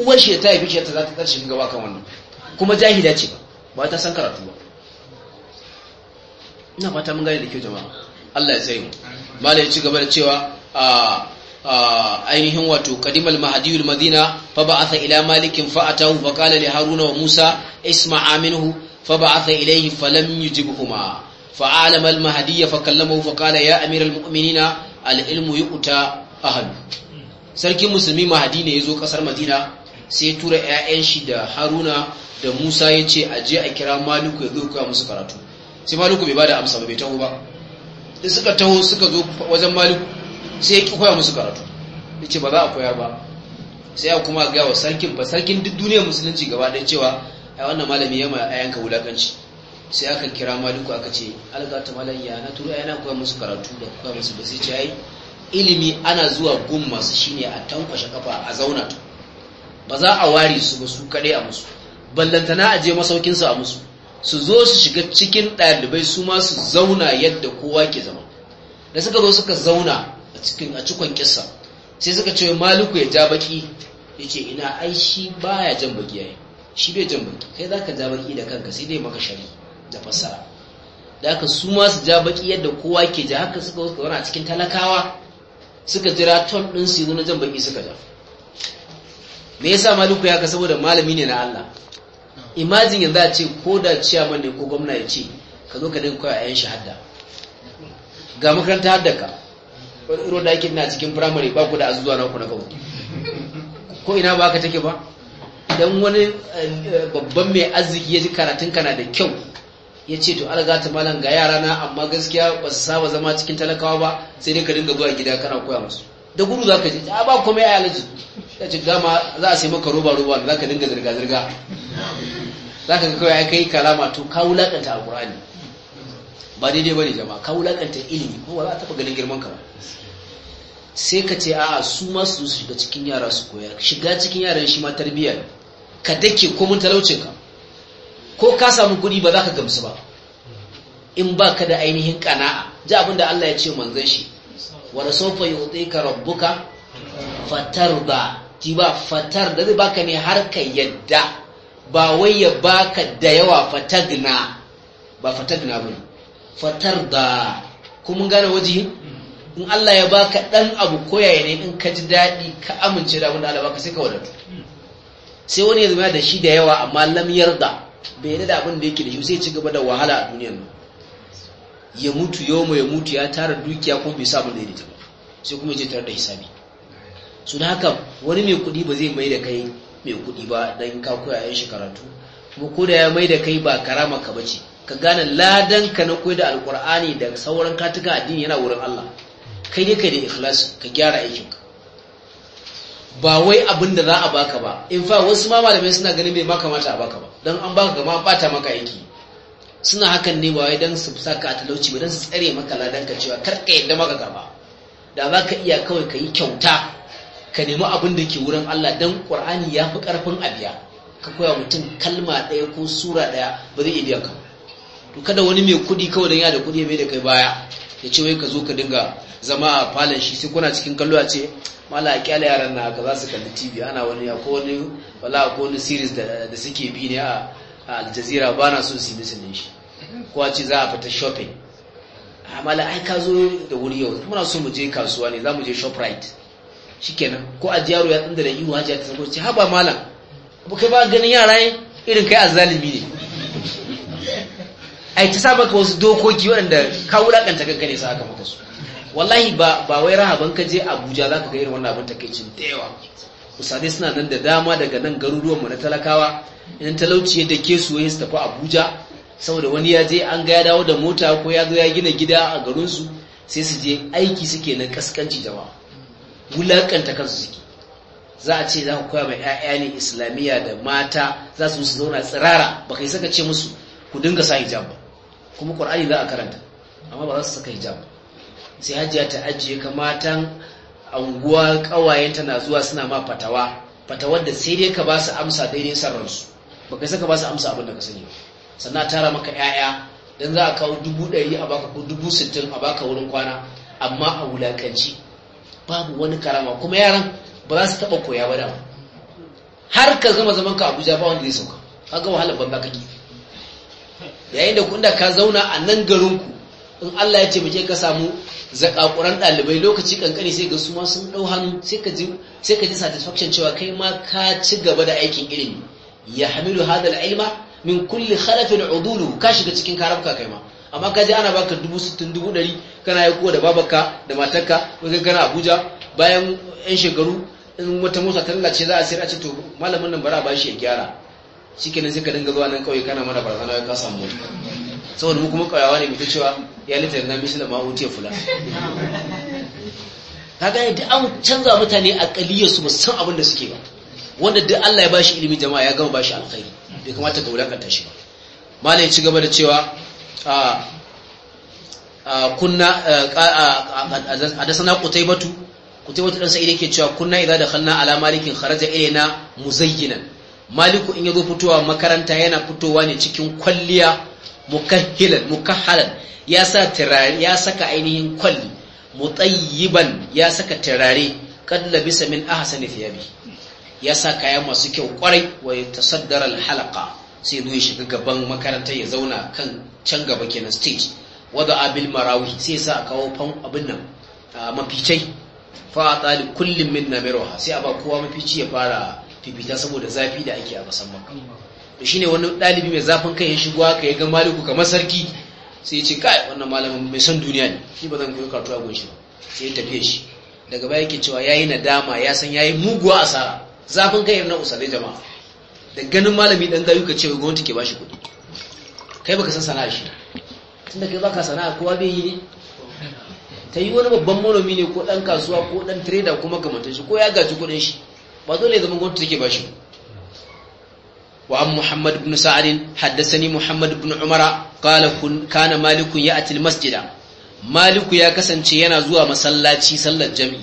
uwar shi ta yi fice ta za ta tarshe gaba kan wannan kuma jahida ce ba ta san karatu ba ina fata mun gane da kyau jama'a Allah ya tsaye malai ya ci gaba da cewa a ainihin wato kadimal mahadiyul madina fa ba'atha ila malikin fa atahu fa qala li haruna wa musa isma'a minhu fa ba'atha ilayhi lam yujibhuma فعالم المهدي فكلمه فقال يا أمير المؤمنين العلم يؤتى أهل سركي مسلمي مهدي ne yazo kasar Madina sai tura ƴaƴan shi da Haruna da Musa yace aje a kira Maliku yazo koya musu karatu sai Maliku bai bada amsa ba bai taho ba da suka taho suka zo wajen Maliku sai ya koya musu karatu yace ba za a koyar ba sai ya kuma ga wa sarkin ba sarkin duk duniyar musulunci gaba ɗaya cewa ai wannan malami ya ma ayanka wulakanci sai aka kira maliku aka ce algata malayya na turu yana koya musu karatu da koya musu ba sai ce ilimi ana zuwa gun masu shine a tankwashe kafa a zauna ta ba za a ware su ba su kadai a musu ballantana a je masaukin su a musu su zo su shiga cikin ɗalibai su ma su zauna yadda kowa ke zama da suka zo suka zauna a cikin a cikon kissa sai suka ce maliku ya ja baki yace ina ai shi baya jan baki yayi shi bai jan baki kai zaka ja baki da kanka sai dai maka shari'a da fassara da aka su ma su ja baki yadda kowa ke ja haka suka wasu a cikin talakawa suka jira ton ɗin su wani jan baki suka ja me yasa maliku ya ka saboda malami ne na Allah imajin yanzu a ce ko da ciyaman ne ko gwamna ya ce ka zo ka dinga kawai a yan shahada ga makaranta hadda ka wani iro da ake na cikin firamare ba ku da azuzuwa na ku na kawai ko ina ba ka take ba idan wani eh, babban mai arziki ya ji karatun kana da kyau ya ce to alga ta malam ga yara na amma gaskiya ba su saba zama cikin talakawa ba sai dai ka dinga zuwa gida kana koya musu da gudu za ka ce a ba komai a yalaji ya ce dama za a sai maka roba roba za ka dinga zirga zirga za ka kawai ya kai kalama to ka wulakanta a qur'ani ba daidai ba ne jama'a ka wulakanta ilimi ko ba za a taɓa ganin girman ka ba sai ka ce a'a su ma su shiga cikin yara su koya shiga cikin yaran shi ma tarbiyya ka dake ko mun talaucin ka ko ka samu kuɗi ba za ka gamsu ba in ba ka da ainihin kana'a ji abin da Allah ya ce manzan shi wa da sofa yi hutsi ka rabbuka fatar ba ti ba fatar da zai baka ne har ka yadda ba wai ya baka da yawa fatagna ba fatagna ba ne fatar da kuma gane waje in Allah ya baka ɗan abu koyaye ne in ka ji daɗi ka amince da abin da Allah baka sai ka wadatu sai wani ya zama da shi da yawa amma lam yarda bai da abin da yake da shi sai ci gaba da wahala a duniyar nan ya mutu yau ya mutu ya tara dukiya ko bai samu da ta ba sai kuma je tare da hisabi su da haka wani mai kuɗi ba zai mai da kai mai kuɗi ba dan ka koya yan shi karatu kuma ko da ya mai da kai ba karama ka ce. ka gane ladan ka na koyar da alkur'ani da sauran katuka addini yana wurin Allah kai ne kai da ikhlas ka gyara aikinka ba wai abin da za a baka ba in fa wasu ma malamai suna ganin bai ma kamata a baka ba don an baka gama bata maka aiki suna hakan ne ba wai don su saka a talauci ba don su tsare maka ladan ka cewa kar ka yadda maka gaba da za ka iya kawai ka yi kyauta ka nemi abin da ke wurin Allah don Qur'ani ya fi karfin abiya ka koya mutum kalma ɗaya ko sura ɗaya ba zai iya ka to kada wani mai kuɗi kawai don ya da kuɗi ya mai da kai baya ya ce wai ka zo ka dinga zama a falon shi sai kuna cikin kallo a ce mala a kyale yaran na haka za su kalli tv ana wani ko wani wala ko wani series da suke bi ne a aljazeera ba na so su ne shi ko a ce za a fita shopping amala ah, ai ka zo da wuri yau muna so mu je kasuwa ne za mu je shoprite shikenan ko a yaro ya tsanda da ihu hajiya ta sako ce haba malam ba kai ba ganin yara irin kai a zalimi ne ai ta saba ka wasu dokoki waɗanda ka wulaƙanta gaggane ne sa aka maka su wallahi ba ba wai ban ka je abuja za ka ga irin wannan abin takaicin da yawa misali suna nan da dama daga nan garuruwanmu na talakawa idan talauci da ke su wai su tafi abuja saboda wani ya je an ga ya dawo da mota ko ya zo ya gina gida a garinsu sai su je aiki suke na kaskanci jama'a wulakanta kansu suke za a ce za ku koya mai 'ya'ya ne islamiyya da mata za su su zauna tsirara ba kai saka ce musu ku dinga sa hijab ba kuma ƙwar'ani za a karanta amma ba za su saka hijab ba sai hajiya ta ajiye ka matan anguwa ƙawayenta na zuwa suna ma fatawa fatawar da sai dai ka ba su amsa daidai san ba kai saka ba su amsa abin da ka sani sannan tara maka 'ya'ya don za a kawo dubu ɗari a baka ko dubu sittin a baka wurin kwana amma a wulakanci babu wani karama kuma yaran ba za su taɓa koya ba dama har ka zama zaman ka abuja ba wanda zai sauka kaga wahalar baka kake yayin da kun da ka zauna a nan garin ku in Allah ya ce muke ka samu zakakuran ɗalibai lokaci kankani sai ga su ma sun ɗau hannu sai ka ji satisfaction cewa kai ma ka ci gaba da aikin ilimi ya hamilu hadal ilma min kulli khalafin udulu ka shiga cikin karabka kai ma amma ka ji ana baka dubu sittin dubu ɗari kana yi kowa da babaka da matarka wajen gana abuja bayan yan shekaru in wata mota ta lalace za a sayar a ce to malamin nan bara ba shi ya gyara kenan sai ka dinga zuwa nan kauye kana mana barazana ya ka samu saboda mu kuma kauyawa ne mu ta cewa ya litar na da ma wuce fula kaga yadda an canza mutane a kaliyarsu ba san abin da suke ba wanda duk Allah ya bashi ilimi jama'a ya gama bashi alkhairi bai kamata ka wulakanta shi ba malai ya ci gaba da cewa a kunna batu kutai batu dan sa'id yake cewa kunna idza dakhalna ala malikin kharaja ilayna muzayyinan maliku in ya zo fitowa makaranta yana fitowa ne cikin kwalliya mukahhilan mukahhalan ya sa tirare ya saka ainihin kwalli mutayyiban ya saka tirare kan bisa min ahsani thiyabi ya sa kaya masu kyau kwarai wa yatasaddara al-halaqa sai zo shiga gaban makarantar ya zauna kan can gaba kenan stage wada abil marawi sai sa kawo fan abin nan maficai fa a kullin min na sai a ba kowa mafici ya fara fifita saboda zafi da ake a musamman. to shine wani dalibi mai zafin kai ya shigo haka ya ga maliku kamar sarki sai ya ce kai wannan malamin mai son duniya ne shi ba zan koyi karatu a gunshi ba sai ya tafiye shi daga baya yake cewa yayi nadama ya san yayi muguwa asara zafin kai na usale jama'a da ganin malami dan gayu ka ce gwamnati ke bashi kuɗi kai baka san sana'a shi tunda kai baka sana'a kowa bai yi ne ta yi wani babban manomi ne ko dan kasuwa ko dan trader kuma kamantar shi ko ya gaji kuɗin shi ba dole ya zama gwamnati take bashi kuɗi. وعن محمد بن سعد حدثني محمد بن عمر قال كان ya يأتي المسجد maliku ya kasance yana zuwa masallaci sallar jami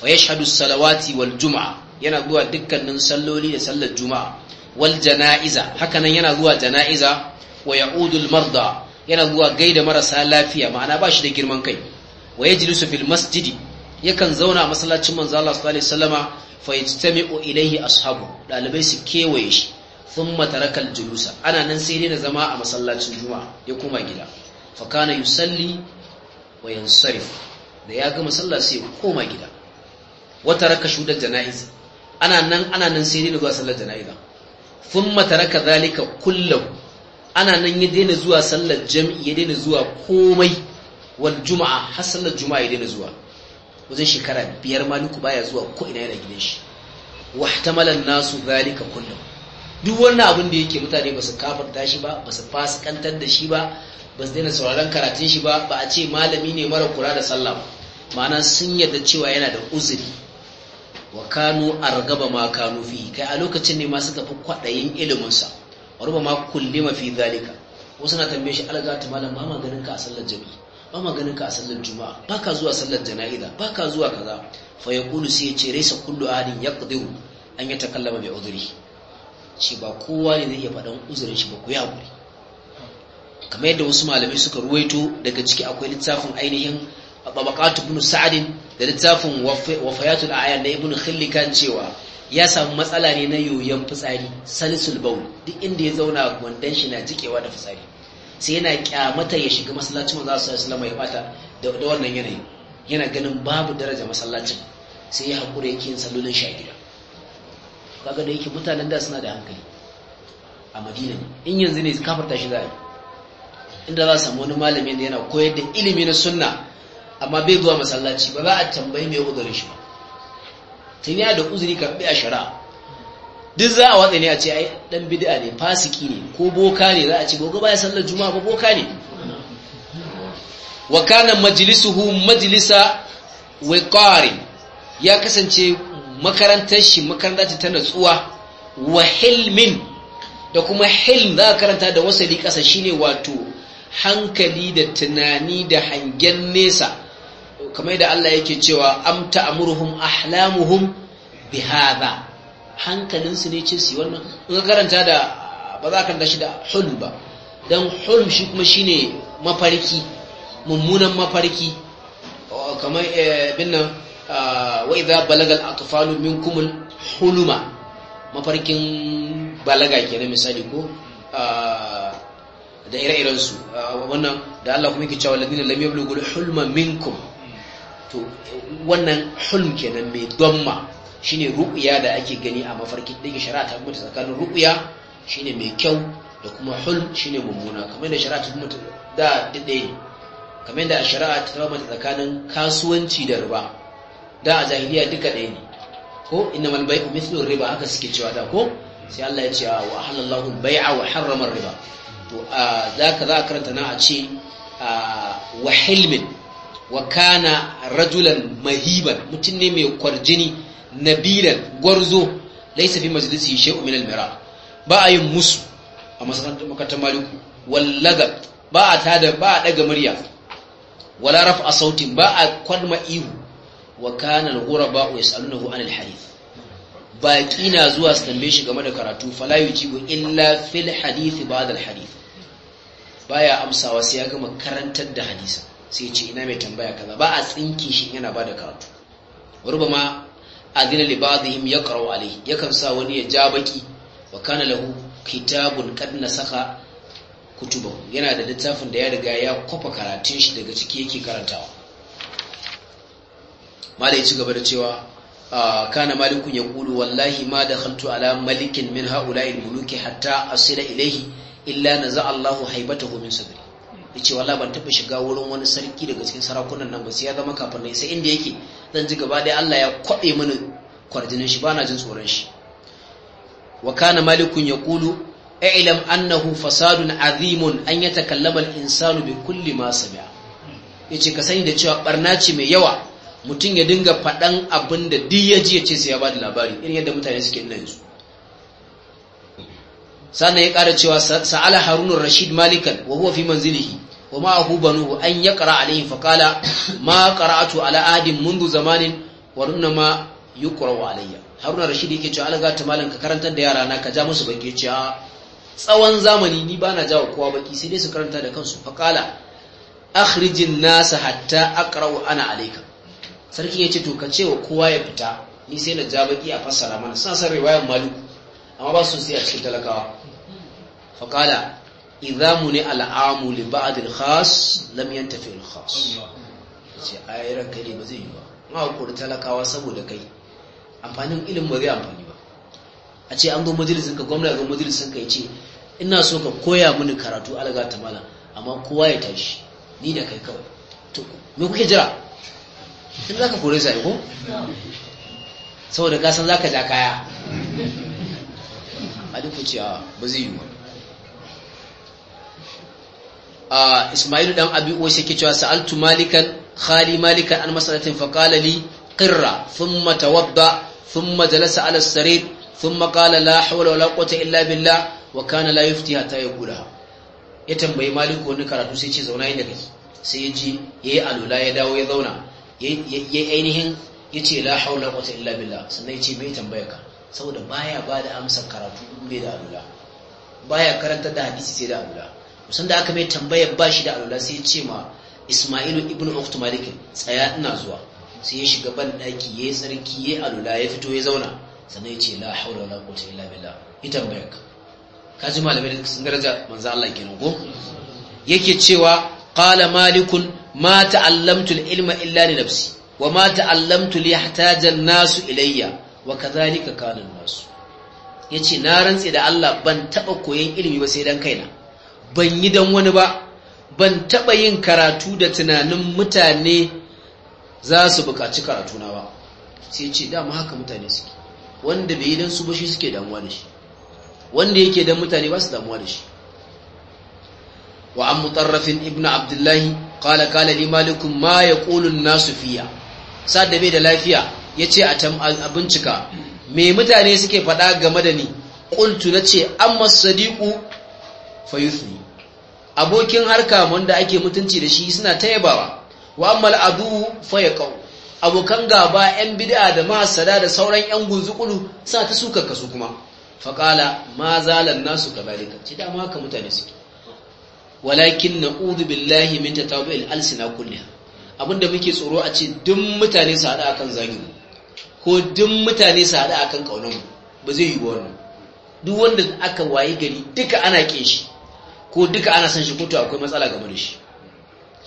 fa yashhadu salawati wal juma'a yana zuwa dukkanin salloli da sallar juma'a waljana'iza hakanan yana zuwa janaiza wa ya'udu al marda yana zuwa gaida marasa lafiya ma'ana ba shi da girman kai wa yajlisu fil masjidi yakan zauna a masallacin manzo Allah sallallahu alaihi wasallama fa yajtami'u ilayhi ashabu dalibai su kewaye shi thumma taraka al-julusa ana nan sai daina zama a masallacin juma'a ya koma gida fa kana yusalli wa yansarif da ya ga masallaci sai ya koma gida wa taraka shudar janaiz ana nan ana nan sai daina zuwa sallar janaiza thumma taraka dhalika kullahu ana nan ya daina zuwa sallar jami'i ya daina zuwa komai wal juma'a har sallar juma'a ya daina zuwa wajen shekara biyar maliku baya zuwa ko ina yana gidan shi wahtamala nasu zalika kullum duk wannan abin da yake mutane ba su kafarta shi ba ba su fasikantar da shi ba ba su daina sauraron karatun shi ba ba a ce malami ne mara kula da sallah ba ma'ana sun yarda cewa yana da uzuri wa kanu argaba ma kanu fi kai a lokacin ne ma suka fi kwaɗayin iliminsa wa ruba ma ma fi zalika wasu na tambaye shi ta malam ba maganin ka a sallar jami'i ba maganin ka a sallar juma'a ba ka zuwa sallar jana'iza ba ka zuwa kaza fa yaqulu sai ya ce raisa kullu ahadin yaqdiru an ya takallama bi udhri shi ba kowa ne zai iya faɗan uzurin shi ba ku ya guri kamar yadda wasu malamai suka ruwaito daga ciki akwai littafin ainihin babakatu ibn sa'adin da littafin wafayatul a'yan na ibn khillikan cewa ya samu matsala ne na yoyon fitsari salisul baul duk inda ya zauna wandan shi na jikewa da fitsari sai yana kyamata ya shiga masallacin manzo sallallahu alaihi wasallam ya bata da wannan yanayi yana ganin babu daraja masallacin sai ya hakura yake yin sallolin shi a gida kaga da yake mutanen da suna da hankali a madina in yanzu ne kafarta shi za a yi inda za a samu wani malami da yana koyar da ilimi na sunna amma bai zuwa masallaci ba za a tambayi mai uzurin shi ba tun yana da uzuri karɓi a shara duk za a watsa ne a ce ai dan bid'a ne fasiki ne ko boka ne za a ce gogo baya sallar juma'a ba boka ne wa kana majlisuhu majlisa wiqari ya kasance makarantar shi makarantar ta ta natsuwa wa hilmin da kuma hilm za ka karanta da wasali ƙasa shine wato hankali da tunani da hangen nesa kamar da Allah yake cewa am ta'muruhum ahlamuhum bihadha su ne ce su wannan in ka karanta da ba za ka karanta shi da hulm ba dan hulm shi kuma shine mafarki mummunan mafarki kamar eh, binnan wa idza balagal atfalu minkumul huluma mafarkin balaga kenan misali ko da ire-iren su wannan da Allah kuma yake cewa ladina lam yablughu hulma minkum to wannan hulm kenan mai domma shine ru'ya da ake gani a mafarkin da shari'a ta mutu tsakanin ru'ya shine mai kyau da kuma hulm shine mummuna kamar da shari'a ta mutu da dade kamar da shari'a ta mutu tsakanin kasuwanci da riba da a jahiliya duka ɗaya ne ko innamal bai'u mithlu riba haka suke cewa da ko sai Allah ya ce ah, wa halallahu bai'a wa harramar riba to zaka za karanta na a ce wa hilmin wa kana rajulan mahiban mutum ne mai kwarjini nabilan gwarzo laysa fi majlisi shay'un min ba a yin musu a masarantar makarantar maliku wallaga ba a tada ba a daga murya wala rafa sautin ba a kwadma ihu wa kana al-ghuraba yasalunahu an al-hadith baqi na zuwa su tambaye shi game da karatu fala yujibu illa fil hadith ba'da al-hadith baya amsawa sai ya gama karantar da hadisa sai ya ce ina mai tambaya kaza ba a tsinki shi yana ba da karatu rubama adina li ba'dihim yaqra'u alayhi yakan sa wani ya ja baki wa kana lahu kitabun qad nasakha kutubahu yana da littafin da ya riga ya kofa karatun shi daga ciki yake karantawa mala ya ci gaba da cewa ah, kana malikun ya kulu wallahi ma da khaltu ala malikin min ha'ula'il muluki hatta asira ilaihi illa naza Allahu haibatahu min sabri yace wallahi ban taba shiga wurin wani sarki daga cikin sarakunan nan ba sai ya zama kafin sai inda yake zan ji gaba dai Allah ya kwabe mini kwarjinin shi bana jin tsoron shi wa kana malikun annahu fasadun أنه an yatakallama al-insanu bi kulli ma sami'a yace ka sani da cewa barna ce mai yawa mutum ya dinga faɗan abin da duk ya ji ya ce sai ya ba da labari irin yadda mutane suke nan yanzu sannan ya ƙara cewa sa'ala Harunar rashid malikan wa huwa fi manzilihi wa ma'ahu banuhu an ya ƙara alayhi faƙala ma ƙara'atu ala adin mundu zamanin wa ma yi wa alayya Harunar rashid yake cewa alaga ta malam ka karanta da yara na ka ja musu baki cewa tsawon zamani ni ba na jawo kowa baki sai dai su karanta da kansu faƙala akhrijin nasa hatta aqra'u ana alaika sarki ya ce to ka cewa kowa ya fita ni sai na ja baki a fassara mana suna san riwayar malu amma ba su sai a cikin talakawa faƙala izamu ne al'amu li ba'dil khas lam yantafi al khas ce yi ranka ne ba zai yi ba ma hakuri talakawa saboda kai amfanin ilimin ba zai amfani ba a ce an zo majalisin ka gwamna ga majalisin ka yace ina so ka koya mini karatu alaga ta malam amma kowa ya tashi ni da kai kawai to me kuke jira tun za ka kore su aiko saboda kasan za ka ja kaya a duk cewa ba zai yi wa ismailu dan abi uwa ke cewa sa'altu malikan khali malikan an masalatin faƙala li qirra thumma tawadda thumma jalasa ala sarir thumma qala la hawla wala quwwata illa billah wa kana la yufti hatta yaqulaha ya tambayi maliku wani karatu sai ce zauna inda kake sai ya ji ya yi alula ya dawo ya zauna ya ainihin ce la haula wala illa billa sannan ce mai tambaya ka saboda baya ba da amsar karatu bai da alula baya karanta da hadisi sai da alula musan da aka mai tambaya ba shi da alula sai ya ce ma Isma'ilu ibn Ukht Malik tsaya ina zuwa sai ya shiga ban daki yayi sarki yayi alula ya fito ya zauna sannan ce la haula wala quwwata illa billah ya tambaya ka kaji malamai sun daraja manzo Allah kenan ko yake cewa qala malikun ma ta'allamtu ilma illa ni nafsi wa ma ta'allamtu li yahtaja an-nasu ilayya wa ka kana an-nasu ce na rantse da Allah ban taɓa koyon ilimi ba sai don kaina ban yi don wani ba ban taɓa yin karatu da tunanin mutane za su buƙaci karatuna ba sai ce dama haka mutane suke wanda bai yi don su ba shi suke damuwa da shi wanda yake dan mutane ba su damuwa da shi wa an mutarrafin ibnu abdullahi kala-kala ni malikum ma yaqulu an-nasu fiya Sa da bai da lafiya ya ce a bincika me mutane suke faɗa game da ni na ce an masadiku fayuthni abokin harka wanda ake mutunci da shi suna tayabawa wa an mal'adu abokan gaba yan bid'a da masada da sauran yan gunzukulu suna ta suka kasu kuma faƙala ma zalan nasu ka ce dama haka mutane suke walakin na'udhu billahi min al alsina kulliha abinda muke tsoro a ce duk mutane su hada akan zagin ko duk mutane su hada akan kaunar mu ba zai yi wannan duk wanda aka waye gari duka ana kin shi ko duka ana san shi ko to akwai matsala game da shi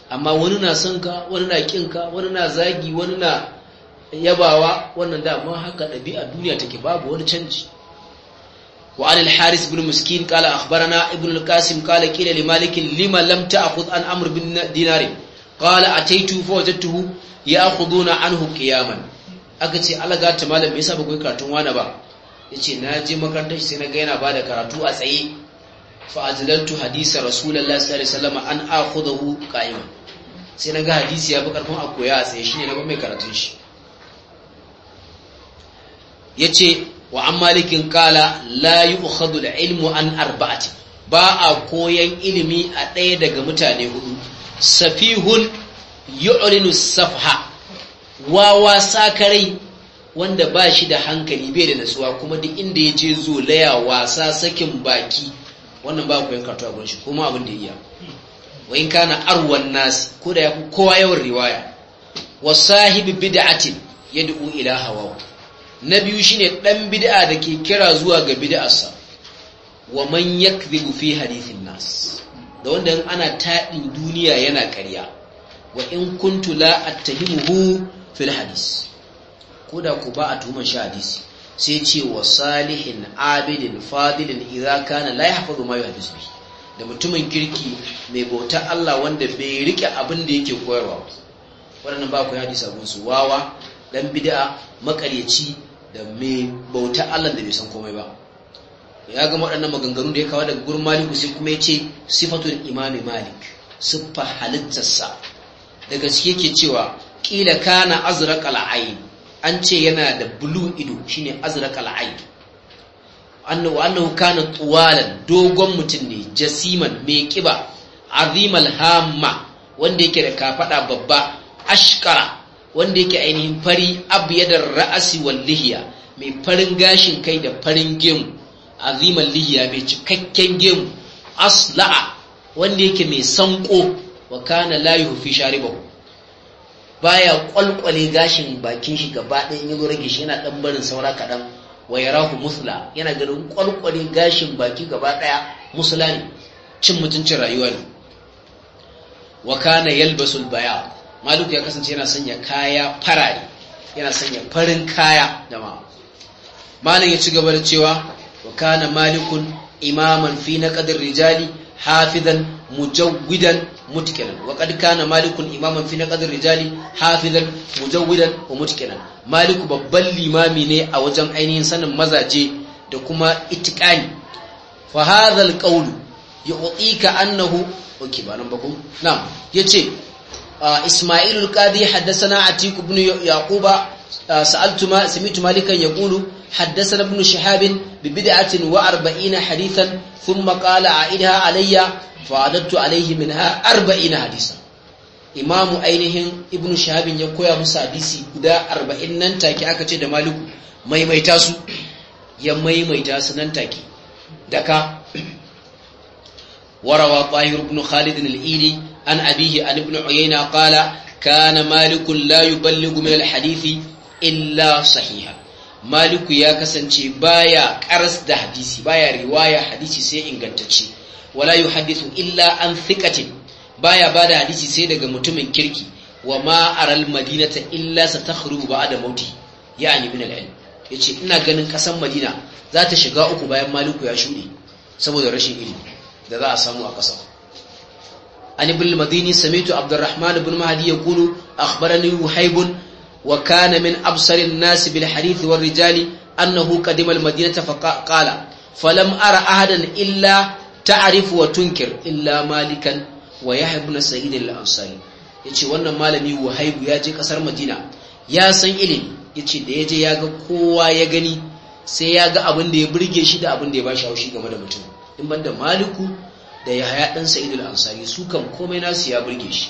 amma wani na son ka wani na kin ka wani na zagi wani na yabawa wannan da, dama haka ɗabi'a duniya take babu wani canji وعن الحارث بن مسكين قال أخبرنا ابن القاسم قال قيل لمالك لما لم تأخذ عن أمر بن دينار قال أتيت فوجدته يأخذون عنه قياما أكتي على قات مالا ميسا بقوي كراتون وانا با يتي ناجي مكانتش سنغينا بعد كراتو أسعي فأجللت حديث رسول الله صلى الله عليه وسلم أن أخذه قائما سنغا حديث يا بكر كون أكويا أسعي شيني نبا مي كراتون شي yace wa an malikin kala la yi da ilmu an arba'ati ba a koyan ilimi a ɗaya daga mutane hudu safihun yu'linu safha wawa sakarai wanda ba shi da hankali bai da nasuwa, kuma duk inda ya je zo laya wasa sakin baki wannan ba koyan karatu a gurin shi kuma abin da ya iya wa in kana arwan nas ko kowa yawan riwaya wa sahibi bid'atin yad'u ila hawa na biyu shi ne ɗan bid'a da ke kira zuwa ga bid'arsa wa man yakdhibu fi hadithin nas da wanda in ana taɗin duniya yana karya, wa in kuntu la attahimuhu fil hadis koda ku ba a tuhumar shi hadis sai ce wa salihin abidin fadilin idza kana la yahfazu ma yuhaddis bi da mutumin kirki mai bauta Allah wanda bai rike abin da yake koyarwa waɗannan ba ku hadisi abun su wawa dan bid'a makaryaci da mai bauta Allah da bai san komai ba ya ga waɗannan maganganu da ya kawo daga gurin maliku sai kuma ya ce sifatul imami malik siffa halittarsa da gaske yake cewa kila kana azraq al-ayn an ce yana da blue ido shine azraq anna wa annahu kana tuwalan dogon mutum ne jasiman mai kiba azimal hamma wanda yake da kafada babba ashkara wanda yake ainihin fari abyadar ra'asi wal lihiya mai farin gashin kai da farin gemu azimal lihiya mai cikakken gemu asla'a wanda yake mai sanko wa kana la yuhfi sharibahu baya kwalkwale gashin bakin shi gaba ɗayan yazo rage shi yana dan barin saura kaɗan. wa yarahu musla yana ganin kwalkwale gashin baki gaba ɗaya musla ne cin mutuncin rayuwa ne wa kana yalbasul bayad Maliku ya kasance yana sanya kaya farare yana sanya farin kaya da ma. malam ya ci gaba da cewa wa kana malikun imaman fi kadar rijali hafizan mujawwidan mutkinan wa kad kana malikun imaman fi kadar rijali hafizan mujawwidan wa mutkinan maliku babban limami ne a wajen ainihin sanin mazaje da kuma itikani fa hadha alqawlu yu'tika annahu okay ba nan ba ku na'am yace إسماعيل القاضي حدثنا عتيق بن يعقوب سألت ما سمعت مالكا يقول حدثنا ابن شهاب ببدعة وأربعين حديثا ثم قال عائدها علي فعددت عليه منها أربعين حديثا imamu ainihin ibnu shahabin ya koya musu hadisi guda arba'in nan take aka ce da maliku maimaita su ya maimaita su nan take da khalid al an abihi an ibn uyayna qala kana malik la yuballighu min alhadisi illa sahiha malik ya kasance baya karas da hadisi baya riwaya hadisi sai ingantacce wala yuhaddithu illa an thiqatin baya bada hadisi sai daga mutumin kirki wa ma aral madinata illa satakhrubu da mauti yani min al yace ina ganin kasan madina zata shiga uku bayan maliku ya shuɗe saboda rashin ilimi da za a samu a ƙasa. عن ابن المديني bin عبد الرحمن بن مهدي يقول أخبرني وهيب وكان من أبصر الناس بالحديث والرجال أنه قدم المدينة فقال فلم أرى أحدا إلا تعرف وتنكر إلا مالكا ويحيى بن سعيد الأنصاري yace wannan malami wahaibu ya je kasar madina ya san ilimi yace da ya je ya ga kowa ya gani sai ya ga abin da ya burge shi da abin da ya bashi haushi game da mutum in banda maliku da yahaya ɗan sa'id al-ansari su kan komai nasu ya burge shi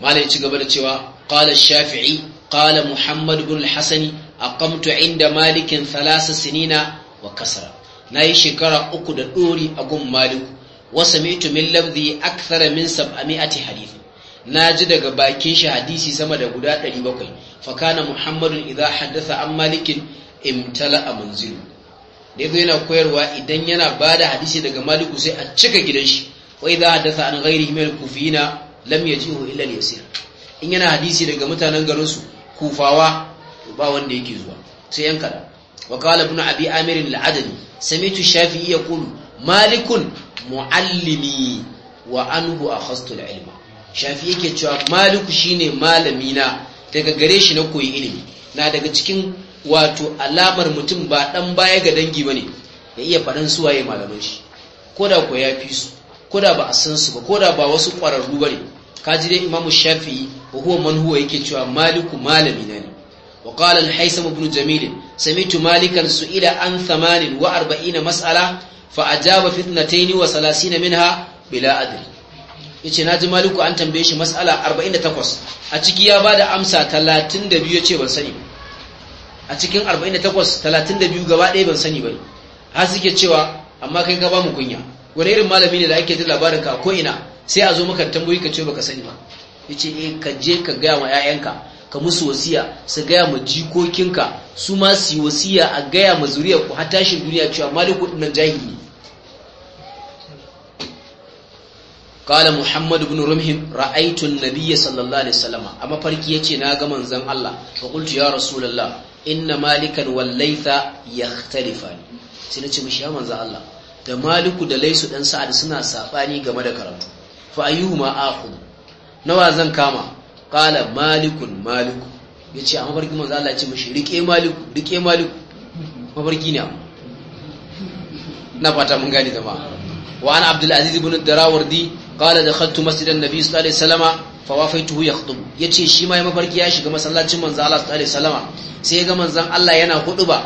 malai ci gaba da cewa ƙala shafi'i ƙala muhammad ibn a hasani inda malikin thalasa sinina wa na nayi shekara uku da ɗori a gun maliku wa mitu min lafzi akthara min sab'ami'ati hadith na ji daga bakin shi hadisi sama da guda 700 fa kana muhammadun idha haddatha an malikin imtala a manzilu da yazo yana koyarwa idan yana bada hadisi daga maliku sai a cika gidan shi wa idza hadatha an ghairihi min kufina lam yajihu illa al-yasir in yana hadisi daga mutanen garin su kufawa ba wanda yake zuwa sai yan kada wa qala ibn abi amir al-adani sami'tu shafi'i yaqulu malikun muallimi wa anhu akhastu al-ilma shafi'i yake cewa maliku shine malami na daga gare shi na koyi ilimi na daga cikin wato alamar mutum ba dan baya ga dangi ba ne ya iya su waye malaman shi da ko ya fi su ko da ba a san su ba ko da ba wasu ƙwararru Ka ji dai imamu shafi'i wa huwa man huwa yake cewa maliku malami ne wa qala al-haysam ibn jamil sami'tu malikan su'ila an 48 mas'ala fa ajaba fitnatayn wa 30 minha bila adri yace naji maliku an tambaye shi mas'ala 48 a ciki ya bada amsa 32 yace ban sani ba a cikin 48 32 gaba ɗaya ban sani bai har suke cewa amma kai ka ba mu kunya wani irin malami ne da ake jin labarin ka ko ina sai a zo maka tambayi ka ce baka sani ba yace eh ka je ka gaya ma 'ya'yanka ka musu wasiya su gaya ma jikokinka su ma su wasiya a gaya ma zuriyar ku har tashin duniya cewa maliku dinnan jahili قال محمد بن رمح رأيت النبي صلى الله عليه وسلم أما فرقي يتي ناغا Allah, الله فقلت يا رسول الله inna malikan wal laytha yakhtalifan sai nace mishi ya manzo Allah da maliku da laisu dan sa'ad suna sabani game da karatu fa ayyuhuma akhud nawa zan kama qala malikun maliku yace a mabarki manzo Allah ya ce mishi rike maliku rike maliku mabarki ne na fata mun gani ma. wa an abdul aziz ibn darawardi qala dakhaltu masjidan nabi sallallahu alaihi wasallama fa wafaituhu yakhutub yace shi ma ya mafarki ya shiga masallacin manzon Allah sallallahu alaihi sai ga manzon Allah yana huduba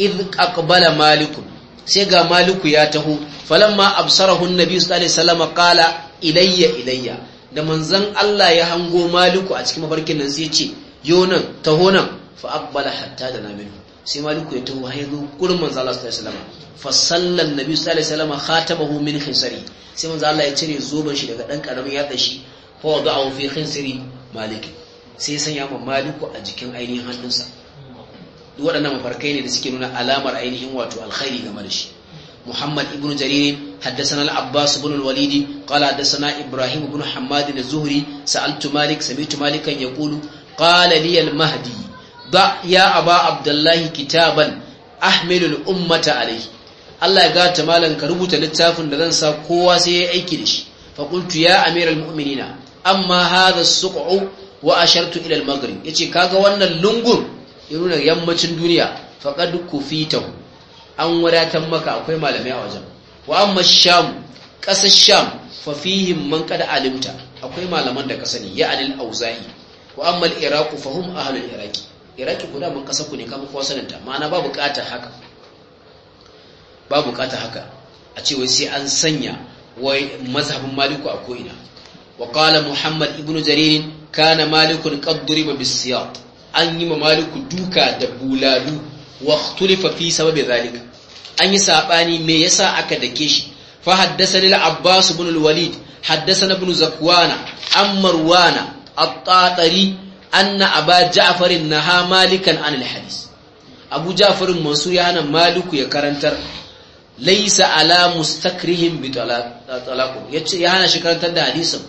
id aqbala malikun sai ga maliku ya taho falamma absarahu annabi sallallahu alaihi wasallama qala ilayya ilayya da manzon Allah ya hango maliku a cikin mafarkin nan sai ya ce yo taho nan fa aqbala hatta da namin sai maliku ya taho ya zo gurin manzo Allah sallallahu alaihi wasallam fa sallan nabi sallallahu alaihi wasallam khatamahu min khinsari sai manzo Allah ya cire zoban shi daga dan karamin yatsa shi fa wada'ahu fi khinsari maliki sai ya sanya ma maliku a jikin ainihin hannunsa duk waɗannan mafarkai ne da suke nuna alamar ainihin wato alkhairi game da shi محمد ابن جرير حدثنا العباس بن الوليد قال حدثنا Ibn بن حماد الزهري سألت مالك سمعت مالكا يقول قال لي المهدي da ya aba abdullahi kitaban ahmilul ummata alaihi Allah ya gata malam ka rubuta littafin da zan sa kowa sai ya aiki da shi fa qultu ya amiral mu'minina amma hadha suq'u wa ashartu ila al-maghrib yace kaga wannan lungun ya nuna yammacin duniya qad kufita an wadatan maka akwai malamai a wajen wa amma sham kasar sham fa fihim man qad alimta akwai malaman da ka sani ya alil auza'i wa amma al-iraq fa hum ahlul iraqi iraki ku daman ƙasar ku ne kama kowa sananta ma'ana ba buƙatar haka ba buƙatar haka a ce wai sai an sanya wai mazhabin maliku a ko'ina wa qala muhammad ibnu jarir kana malikun qad duriba bisiyat an yi ma maliku duka da bulalu wa ikhtulifa fi sababi zalika an yi sabani me yasa aka dake shi fa haddathani al-abbas ibn al-walid haddathana ibn zakwana an marwana anna aba ja'farin naha malikan anil hadis abu ja'farin mansur ya hana maliku ya karantar laisa ala mustakrihim bi talaqu ya hana shi karantar da hadisin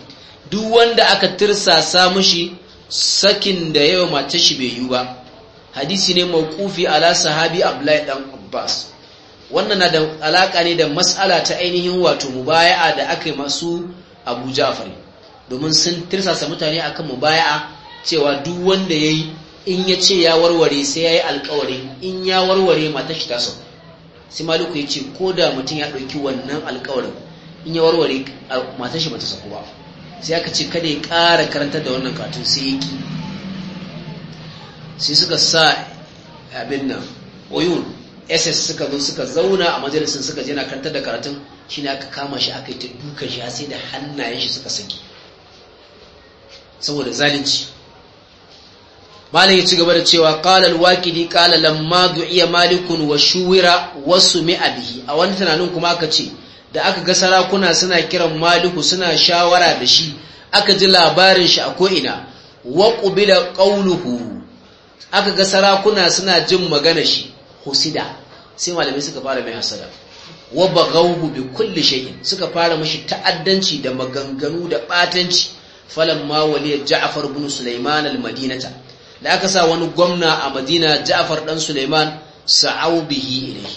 duk wanda aka tirsasa mushi sakin da yawa mace shi bai yi ba hadisi ne mawqufi ala sahabi abdullahi dan abbas wannan na da alaka ne da mas'ala ta ainihin wato mubaya'a da aka yi masu abu ja'far domin sun tirsasa mutane akan mubaya'a cewa duk wanda ya yi in ya ce ya warware sai ya yi alkawari in ya warware mata shi taso sai maliku ya ce ko da mutum ya ɗauki wannan alkawarin in ya warware mata shi bata sako ba sai aka ce kada ya ƙara karantar da wannan katun sai ya ki sai suka sa abin nan oyun ss suka zo suka zauna a majalisun suka jina na karantar da karatun shi aka kama shi aka yi ta duka shi sai da hannayen shi suka saki saboda zalunci malam ya ci gaba da cewa qala al-waqidi qala lamma du'iya malikun wa shuwira wa sumi'a bihi a wani tunanin kuma aka ce da aka ga sarakuna suna kiran maliku suna shawara da shi aka ji labarin shi a ko'ina wa qubila qawluhu aka ga sarakuna suna jin magana shi husida sai malamai suka fara mai hasada wa baghawhu bi kulli shay'in suka fara mishi ta'addanci da maganganu da batanci falamma waliya ja'far ibn sulaiman al-madinata da aka sa wani gwamna a madina ja'far dan suleiman sa'au bihi ilai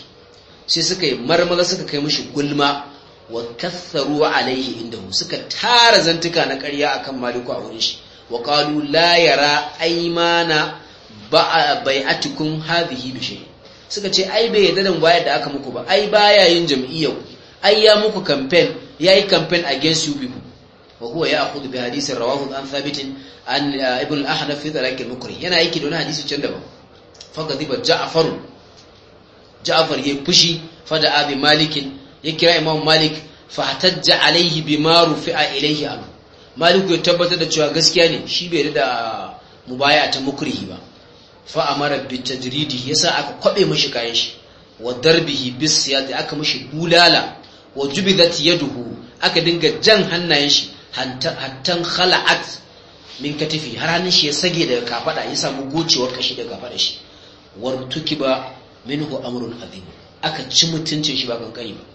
sai suka yi marmala suka kai mashi gulma wa katharu alaihi indahu suka tara zantuka na ƙarya akan maliku a wurin shi wa qalu la yara aymana bai'atukum hadhihi bi shay suka ce ai bai yarda da bayar da aka muku ba ai baya yin jam'iyyar ai ya muku campaign yayi campaign against you people wa huwa ya'khudhu bi hadithin rawahu an thabit an uh, ibn al-ahnaf fi talaq al-mukri yana aiki da wani hadisi can daban fa kadiba ja'far ya yayi fushi fa da abi malik ya kira imam malik fa hatajja alaihi bima a ilaihi anhu malik ya tabbatar da cewa gaskiya ne shi bai da mubaya ta mukurihi ba fa amara bi tajridi yasa aka kwaɓe mishi kayan shi wa darbihi bis siyati aka mashi bulala wa ya duhu aka dinga jan hannayen shi hattan khala'at min katifi har hannun shi ya sage daga kafada ya samu gocewar kashi daga kafada shi War tuki ba minhu amrun azim aka ci mutuncin shi ba kankani ba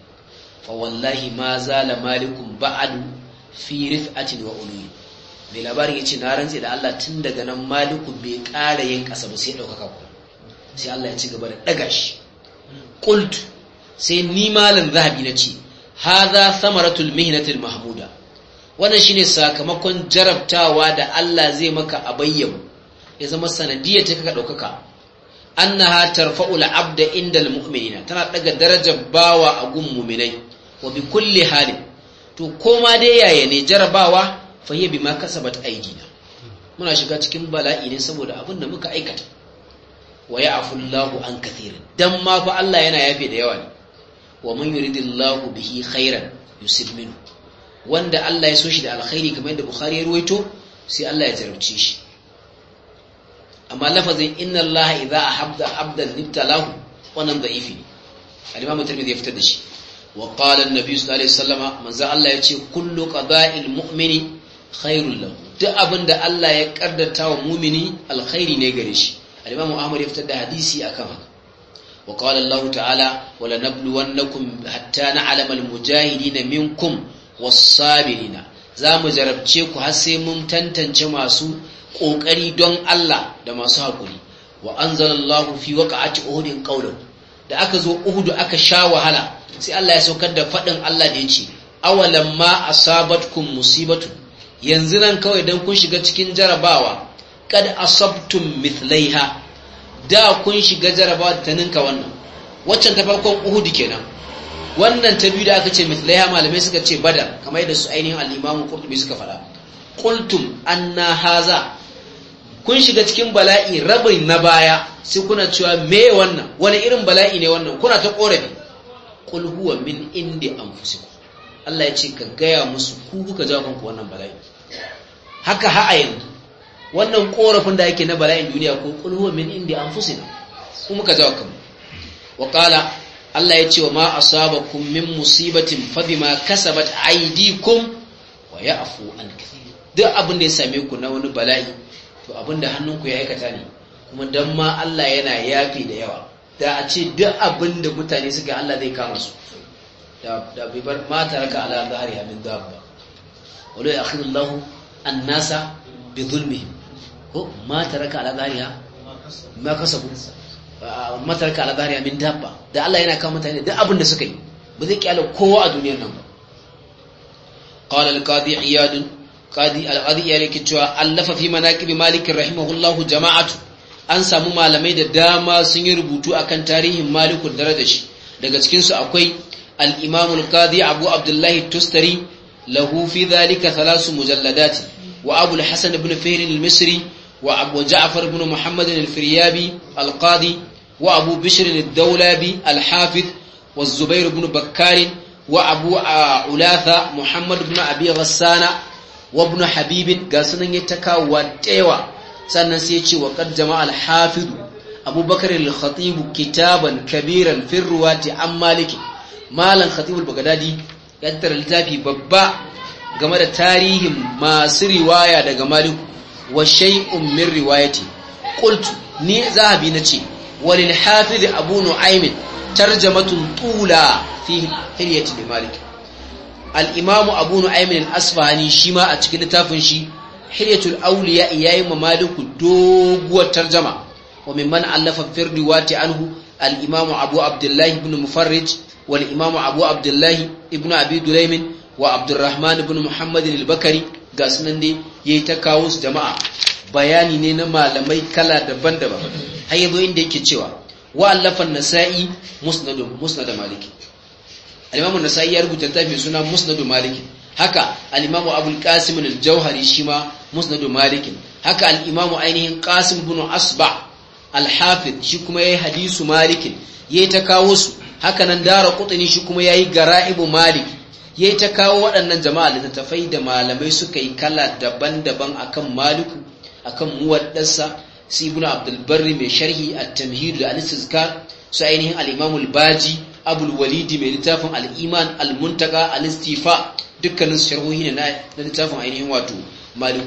fa wallahi ma zala malikum ba'adu fi rif'atin wa ulwi mai labarin ce na rantse da Allah tun daga nan maliku bai kara yin kasa ba sai ɗaukaka ku sai Allah ya ci gaba da ɗaga shi qult sai ni malam zahabi na ce hadha thamaratul mihnatil mahmuda wannan shine sakamakon jarabtawa da Allah zai maka a bayyano ya zama sanadiyar ta kaka ɗaukaka annaha tarfa'u al-abda inda al-mu'minina tana daga darajar bawa a gun mu'minai wa bi kulli hali to koma dai yaya ne jarabawa fa bi ma kasabat aidina muna shiga cikin bala'i ne saboda abin da muka aikata wa ya'fu Allahu an kathirin dan ma fa Allah yana yafe da yawa ne wa man yuridillahu bihi khairan yusib minhu wanda Allah ya so shi da alkhairi kamar yadda Bukhari ya ruwaito sai Allah ya tarauce shi amma lafazin inna Allah idza ahabda abdan ibtalahu wannan da'ifi ne al-Imam Tirmidhi ya fitar da shi wa qala an-nabi sallallahu alaihi wasallam manzo Allah ya ce kullu qada'il mu'mini khairul lahu duk abinda Allah ya kaddata wa mu'mini alkhairi ne gare shi al-Imam Ahmad ya fitar da hadisi akan haka وقال الله تعالى ولنبلونكم حتى نعلم المجاهدين منكم wasabirina za mu jarabce ku har sai mun tantance masu ƙoƙari don Allah da masu haƙuri wa anzalallahu fi waqa'ati uhudin qawlan da aka zo uhudu aka sha wahala sai Allah ya saukar da faɗin Allah da yace awalan ma asabatkum musibatu yanzu nan kawai dan kun shiga cikin jarabawa kad asabtum mithlaiha da kun shiga jarabawa ta ninka wannan waccan ta farkon uhudu kenan wannan ta biyu da aka ce mithlaiha malamai suka ce badar kamar yadda su ainihin al kurtubi suka fara qultum anna haza kun shiga cikin bala'i rabin na baya sai kuna cewa me wannan wani irin bala'i ne wannan kuna ta korafi qul huwa min indi anfusikum Allah ya ce ka gaya musu ku kuka jawo kanku wannan bala'i haka ha a yanzu wannan korafin da yake na bala'in duniya ko kulhuwa huwa min indi anfusina ku muka jawo kanku wa qala Allah ya ce wa ma asabakum min musibatin fa bima kasabat aydikum wa ya'fu an kathir duk abin da ya same ku na wani bala'i to abin da hannunku ya aikata ne kuma dan ma Allah yana yafi da yawa da a ce duk abin da mutane suka Allah zai kama su da da bai bar ma taraka ala da min dabba wala ya'khudhu lahu an-nasa bi dhulmihim ko ma taraka ala dhahriha ma kasabu matarka alagariya min dabba da Allah yana kawo mutane duk abin da suka yi ba zai kyale kowa a duniyar nan ba qala al-qadi iyad qadi al-qadi iyad yake cewa allafa fi manaqib malik rahimahullahu jama'atu an samu malamai da dama sun yi rubutu akan tarihin malikul daraja shi daga cikin su akwai al-imam al-qadi abu abdullah tustari lahu fi dhalika thalath mujalladat wa abu al-hasan ibn fihr al-misri وأبو جعفر بن محمد الفريابي القاضي وأبو بشر الدولابي الحافظ والزبير بن بكار وأبو علاثة محمد بن أبي غسان وابن حبيب قاسنا يتكا وديوة سنسيتي وقد جمع الحافظ أبو بكر الخطيب كتابا كبيرا في الرواة عن مالك مالا خطيب البغدادي يتر التافي ببا game da tarihin masu riwaya daga maliku wa shay'un min riwayati qultu ni zahabi nace walil hafiz abu nu'aym tarjamatun tula fi hilyat bi malik al-imam abu nu'aym al a cikin littafin shi hilyatul awliya yayi ma maliku doguwar tarjama wa mimman allafa fi riwati anhu al-imam abu abdullah ibn mufarrij wal abu abdullah ibn abi wa abdurrahman bin muhammad al-bakari ga sunan dai ta kawo jama'a bayani ne na malamai kala daban-daban har yanzu inda yake cewa wa allafan nasa'i musnad musnad maliki al imamu nasai ya rubuta tafi suna musnad maliki haka al imamu abul qasim al-jauhari shima musnad maliki haka al imamu ainihin qasim ibn asba al-hafiz shi kuma yayi hadisu maliki yayi ta kawo su haka nan dara qutni shi kuma yayi garaibu maliki yayi ta kawo waɗannan jama'a littattafai da malamai suka yi kala daban-daban akan maliku akan muwaddarsa su ibn abdul barri mai sharhi at-tamhid da al-istizkar su ainihin al-imam al-baji abul walidi mai littafin al-iman al-muntaka al-istifa dukkanin sharhohi ne na littafin ainihin wato malik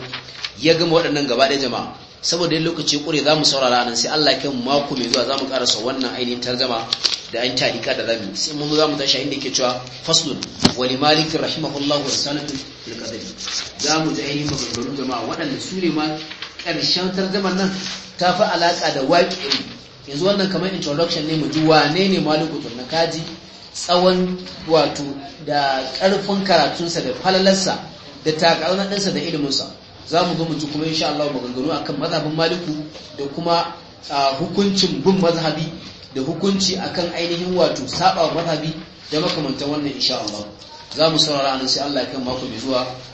ya gama waɗannan gaba ɗaya jama'a saboda yin lokaci kure za mu saurara nan sai Allah mu mako mai zuwa za mu ƙarasa wannan ainihin tarjama da an tarika da rami sai mun za mu tashi inda ke cewa faslun wani Malik, rahimahullahu wa sanatu lil qadari za mu ji ainihin maganganun jama'a waɗanda su ne ma ƙarshen tarjamar nan ta fi alaƙa da waƙe yanzu wannan kamar introduction ne mu ji wane ne maliku tunna kaji tsawon wato da ƙarfin karatunsa da falalarsa da takarunan ɗinsa da iliminsa za mu ga mutu kuma insha Allah maganganu akan mazhabin maliku da kuma hukuncin bin mazhabi da hukunci akan ainihin wato saba mazhabi da makamantar wannan insha Allah za mu saurara nan sai Allah ya kan mako mai zuwa